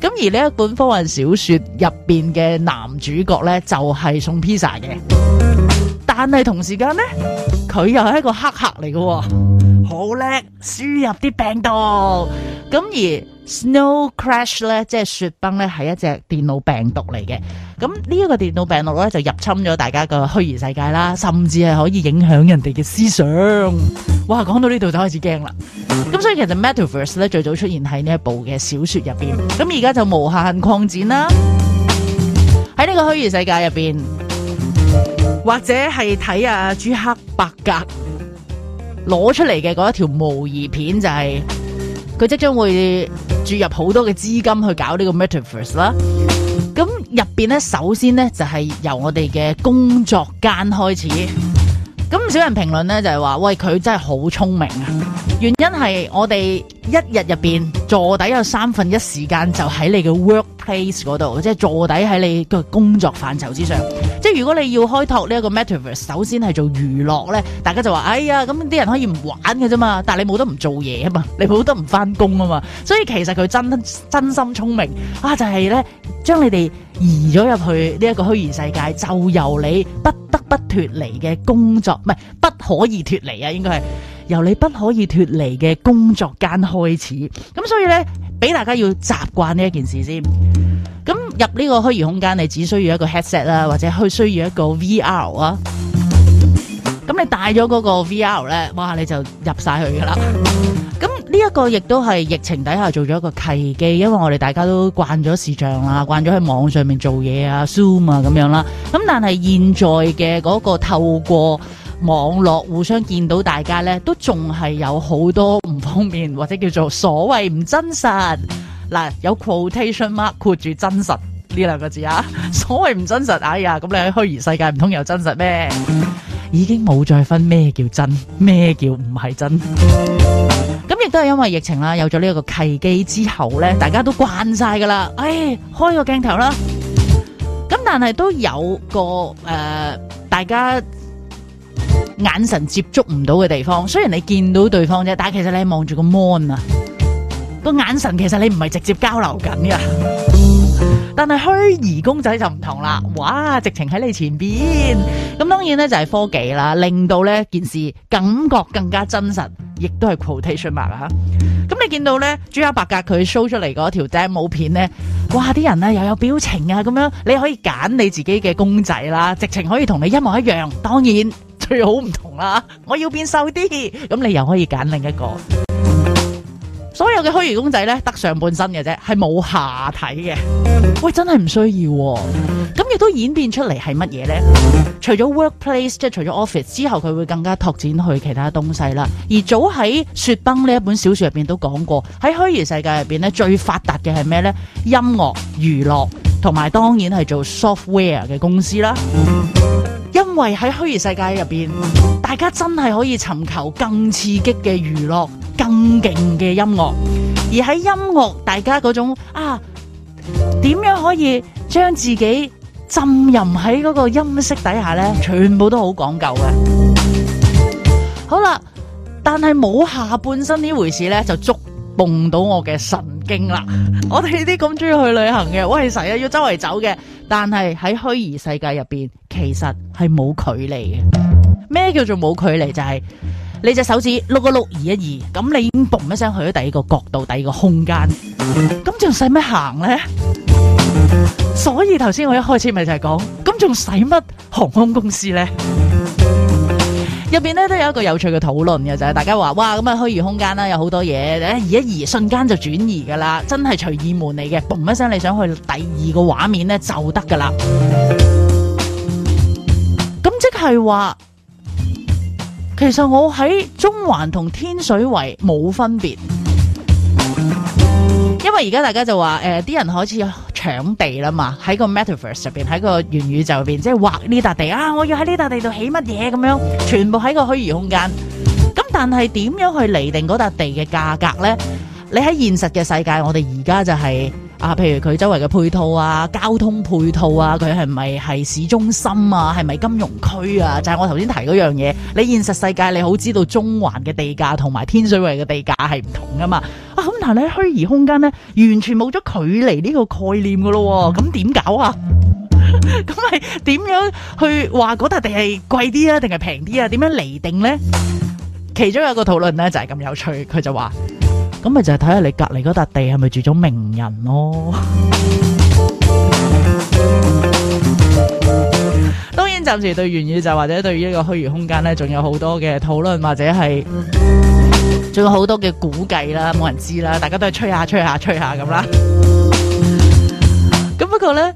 [SPEAKER 1] 咁而呢一本科幻小說入邊嘅男主角咧，就係送披薩嘅，但係同時間咧，佢又係一個黑客嚟嘅。好叻，輸入啲病毒，咁而 Snow Crash 咧，即係雪崩咧，係一隻電腦病毒嚟嘅。咁呢一個電腦病毒咧，就入侵咗大家個虛擬世界啦，甚至係可以影響人哋嘅思想。哇，講到呢度就開始驚啦。咁所以其實 Metaverse 咧，最早出現喺呢一部嘅小說入邊，咁而家就無限擴展啦。喺呢個虛擬世界入邊，或者係睇啊，朱克伯格。攞出嚟嘅嗰一條模擬片就係，佢即將會注入好多嘅資金去搞呢個 Metaverse 啦。咁入邊咧，首先咧就係由我哋嘅工作間開始。咁唔少人評論咧，就係話：喂，佢真係好聰明啊！原因係我哋一日入邊，坐底有三分一時間就喺你嘅 workplace 嗰度，即係坐底喺你嘅工作範疇之上。即係如果你要開拓呢一個 metaverse，首先係做娛樂咧，大家就話：哎呀，咁啲人可以唔玩嘅啫嘛。但係你冇得唔做嘢啊嘛，你冇得唔翻工啊嘛。所以其實佢真真心聰明啊，就係咧將你哋，移咗入去呢一個虛擬世界，就由你不得不脫離嘅工作，唔係不可以脫離啊應該，應該係由你不可以脫離嘅工作間開始。咁所以呢，俾大家要習慣呢一件事先。咁入呢個虛擬空間，你只需要一個 headset 啦、啊，或者需需要一個 VR 啊。咁你戴咗嗰個 VR 咧，哇！你就入晒去噶啦。咁呢一個亦都係疫情底下做咗一個契機，因為我哋大家都慣咗視像啦、啊，慣咗喺網上面做嘢啊，Zoom 啊咁樣啦、啊。咁但係現在嘅嗰、那個透過網絡互相見到大家咧，都仲係有好多唔方便，或者叫做所謂唔真實。嗱，有 quotation mark 括住真實呢兩個字啊。所謂唔真實，哎呀，咁你喺虛擬世界唔通又真實咩？嗯已經冇再分咩叫真，咩叫唔係真。咁亦都係因為疫情啦，有咗呢一個契機之後咧，大家都慣晒噶啦。哎，開個鏡頭啦。咁但係都有個誒、呃，大家眼神接觸唔到嘅地方。雖然你見到對方啫，但係其實你望住個 mon 啊，個眼神其實你唔係直接交流緊噶。但係虛擬公仔就唔同啦，哇！直情喺你前邊，咁當然咧就係科技啦，令到咧件事感覺更加真實，亦都係 quotation mark 哈。咁你見到咧朱阿伯鴿佢 show 出嚟嗰條 dance 舞片咧，哇！啲人咧又有表情啊，咁樣你可以揀你自己嘅公仔啦，直情可以同你一模一樣。當然最好唔同啦，我要變瘦啲，咁你又可以揀另一個。所有嘅虛擬公仔咧，得上半身嘅啫，係冇下體嘅。喂，真係唔需要喎。咁亦都演變出嚟係乜嘢咧？除咗 workplace，即係除咗 office 之後，佢會更加拓展去其他東西啦。而早喺《雪崩》呢一本小説入邊都講過，喺虛擬世界入邊咧，最發達嘅係咩咧？音樂娛樂。同埋當然係做 software 嘅公司啦，因為喺虛擬世界入邊，大家真係可以尋求更刺激嘅娛樂、更勁嘅音樂，而喺音樂大家嗰種啊，點樣可以將自己浸淫喺嗰個音色底下呢？全部都好講究嘅。好啦，但係冇下半身呢回事呢，就足。碰到我嘅神經啦！我哋啲咁中意去旅行嘅，喂使啊，要周圍走嘅。但係喺虛擬世界入邊，其實係冇距離嘅。咩叫做冇距離？就係你隻手指碌一碌，移一移，咁你已經嘣一聲去咗第二個角度、第二個空間，咁仲使咩行咧？所以頭先我一開始咪就係講，咁仲使乜航空公司咧？入邊咧都有一個有趣嘅討論嘅就係、是、大家話哇咁啊虛擬空間啦，有好多嘢，誒移一移，瞬間就轉移噶啦，真係隨意門嚟嘅，嘣一聲你想去第二個畫面咧就得噶啦。咁即係話，其實我喺中環同天水圍冇分別，因為而家大家就話誒啲人開始。搶地啦嘛，喺個 metaverse 入邊，喺個元宇宙入邊，即係畫呢笪地啊，我要喺呢笪地度起乜嘢咁樣，全部喺個虛擬空間。咁但係點樣去厘定嗰笪地嘅價格咧？你喺現實嘅世界，我哋而家就係、是。啊，譬如佢周圍嘅配套啊，交通配套啊，佢係咪係市中心啊，係咪 金融區啊？就係我頭先提嗰樣嘢。你現實世界你好知道中環嘅地價同埋天水圍嘅地價係唔同噶嘛？啊，咁但係喺虛擬空間咧，完全冇咗距離呢個概念噶咯。咁點搞啊？咁係點樣去話嗰笪地係貴啲啊，定係平啲啊？點樣嚟定咧？其中有個討論咧就係咁有趣，佢就話。咁咪就係睇下你隔籬嗰笪地係咪住咗名人咯。 當然暫時對元宇宙或者對於呢個虛擬空間咧，仲有好多嘅討論或者係仲有好多嘅估計啦，冇人知啦，大家都係吹下吹下吹下咁啦。咁 不過咧，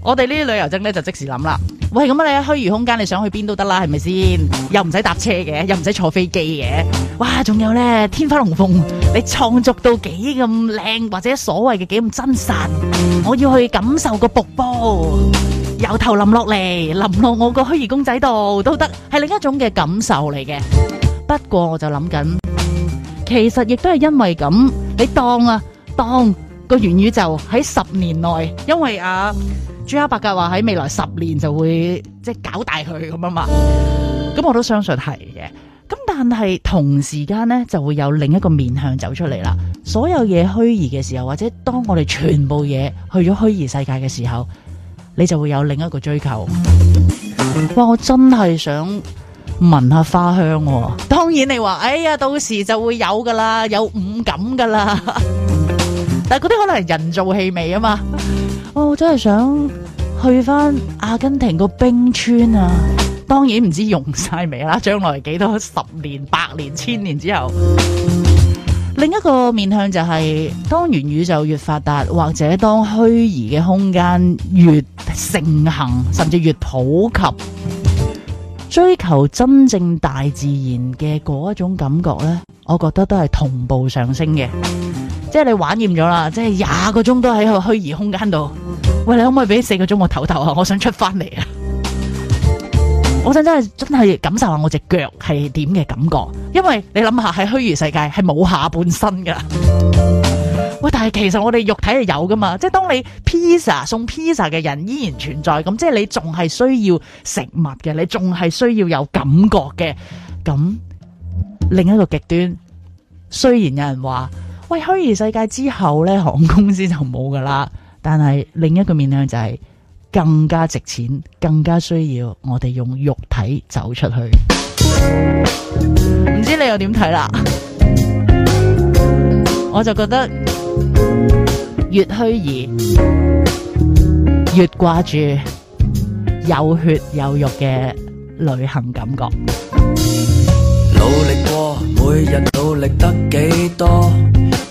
[SPEAKER 1] 我哋呢啲旅遊者咧就即時諗啦。喂，咁啊，你喺虛擬空間你想去邊都得啦，係咪先？又唔使搭車嘅，又唔使坐飛機嘅。哇，仲有咧，天花龍鳳，你創作到幾咁靚，或者所謂嘅幾咁真實，我要去感受個瀑布，由頭淋落嚟，淋落我個虛擬公仔度都得，係另一種嘅感受嚟嘅。不過我就諗緊，其實亦都係因為咁，你當啊，當個元宇宙喺十年內，因為啊，朱亞伯格話喺未來十年就會即係搞大佢咁啊嘛，咁我都相信係嘅。咁但係同時間咧就會有另一個面向走出嚟啦。所有嘢虛擬嘅時候，或者當我哋全部嘢去咗虛擬世界嘅時候，你就會有另一個追求。哇！我真係想聞下花香啊。當然你話，哎呀，到時就會有噶啦，有五感噶啦。 但係嗰啲可能係人造氣味啊嘛。 哦、我真係想去翻阿根廷個冰川啊！當然唔知融晒未啦，將來幾多十年、百年、千年之後， 另一個面向就係、是、當元宇宙越發達，或者當虛擬嘅空間越盛行，甚至越普及，追求真正大自然嘅嗰一種感覺呢，我覺得都係同步上升嘅。即係你玩厭咗啦，即係廿個鐘都喺個虛擬空間度。喂，你可唔可以俾四個鐘我唞唞啊？我想出翻嚟啊！我想真係真係感受下我隻腳係點嘅感覺。因為你諗下，喺虛擬世界係冇下半身噶。 喂，但係其實我哋肉體係有噶嘛？即係當你 pizza 送 pizza 嘅人依然存在，咁即係你仲係需要食物嘅，你仲係需要有感覺嘅。咁另一個極端，雖然有人話。喂，虛擬世界之後咧，航空公司就冇㗎喇。但係另一個面向就係更加值錢，更加需要我哋用肉體走出去。唔知你又點睇啦？我就覺得越虛擬，越掛住有血有肉嘅旅行感覺。
[SPEAKER 2] 努力過，每日努力得幾多？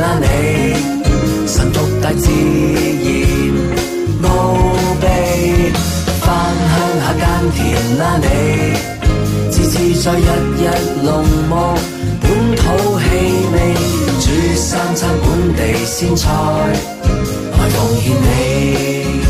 [SPEAKER 2] 啦、啊、你，神足大自然，奧秘翻鄉下耕田啦你，自自在日日農忙，本土氣味煮三餐本地鮮菜，
[SPEAKER 3] 來奉獻你。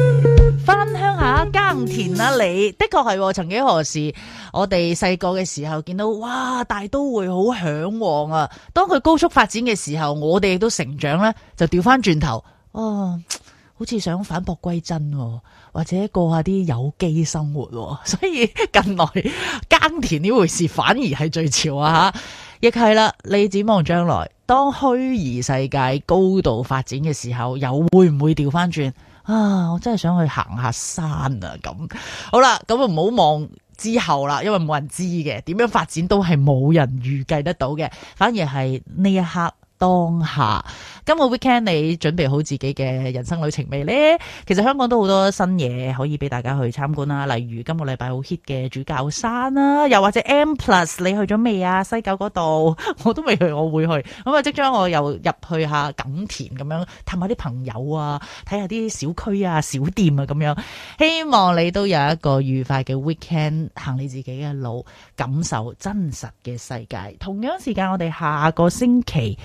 [SPEAKER 1] 鄉下耕田啊，你的確係、啊。曾幾何時，我哋細個嘅時候見到，哇！大都會好向往啊。當佢高速發展嘅時候，我哋都成長咧，就掉翻轉頭，啊，好似想返璞歸真、啊，或者過下啲有機生活、啊。所以近來耕田呢回事反而係最潮啊！吓，亦係啦。你展望將來，當虛擬世界高度發展嘅時候，又會唔會調翻轉？啊！我真係想去行下山啊！咁好啦，咁唔好望之後啦，因為冇人知嘅，點樣發展都係冇人預計得到嘅，反而係呢一刻。當下今個 weekend，你準備好自己嘅人生旅程未呢？其實香港都好多新嘢可以俾大家去參觀啦，例如今個禮拜好 hit 嘅主教山啦、啊，又或者 M Plus，你去咗未啊？西九嗰度我都未去，我會去咁啊！即將我又入去下錦田咁樣探下啲朋友啊，睇下啲小區啊、小店啊咁樣。希望你都有一個愉快嘅 weekend，行你自己嘅路，感受真實嘅世界。同樣時間，我哋下個星期。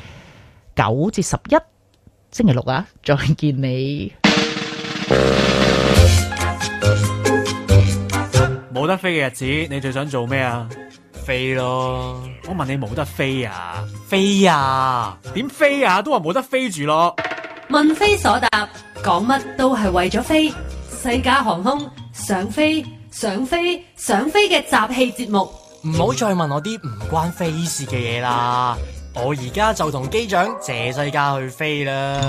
[SPEAKER 1] 九至十一星期六啊，再見你。
[SPEAKER 5] 冇得飛嘅日
[SPEAKER 2] 子，你最想做咩啊？飛咯！我問你冇得飛啊？
[SPEAKER 1] 飛啊？點飛啊？都話冇得飛住咯。問飛所答，講乜都係為咗飛。西加航空想，想飛，想飛，想飛嘅集氣節目。唔好、嗯、再問我啲唔關飛事嘅嘢啦。我而家就同機長謝世家去飛啦！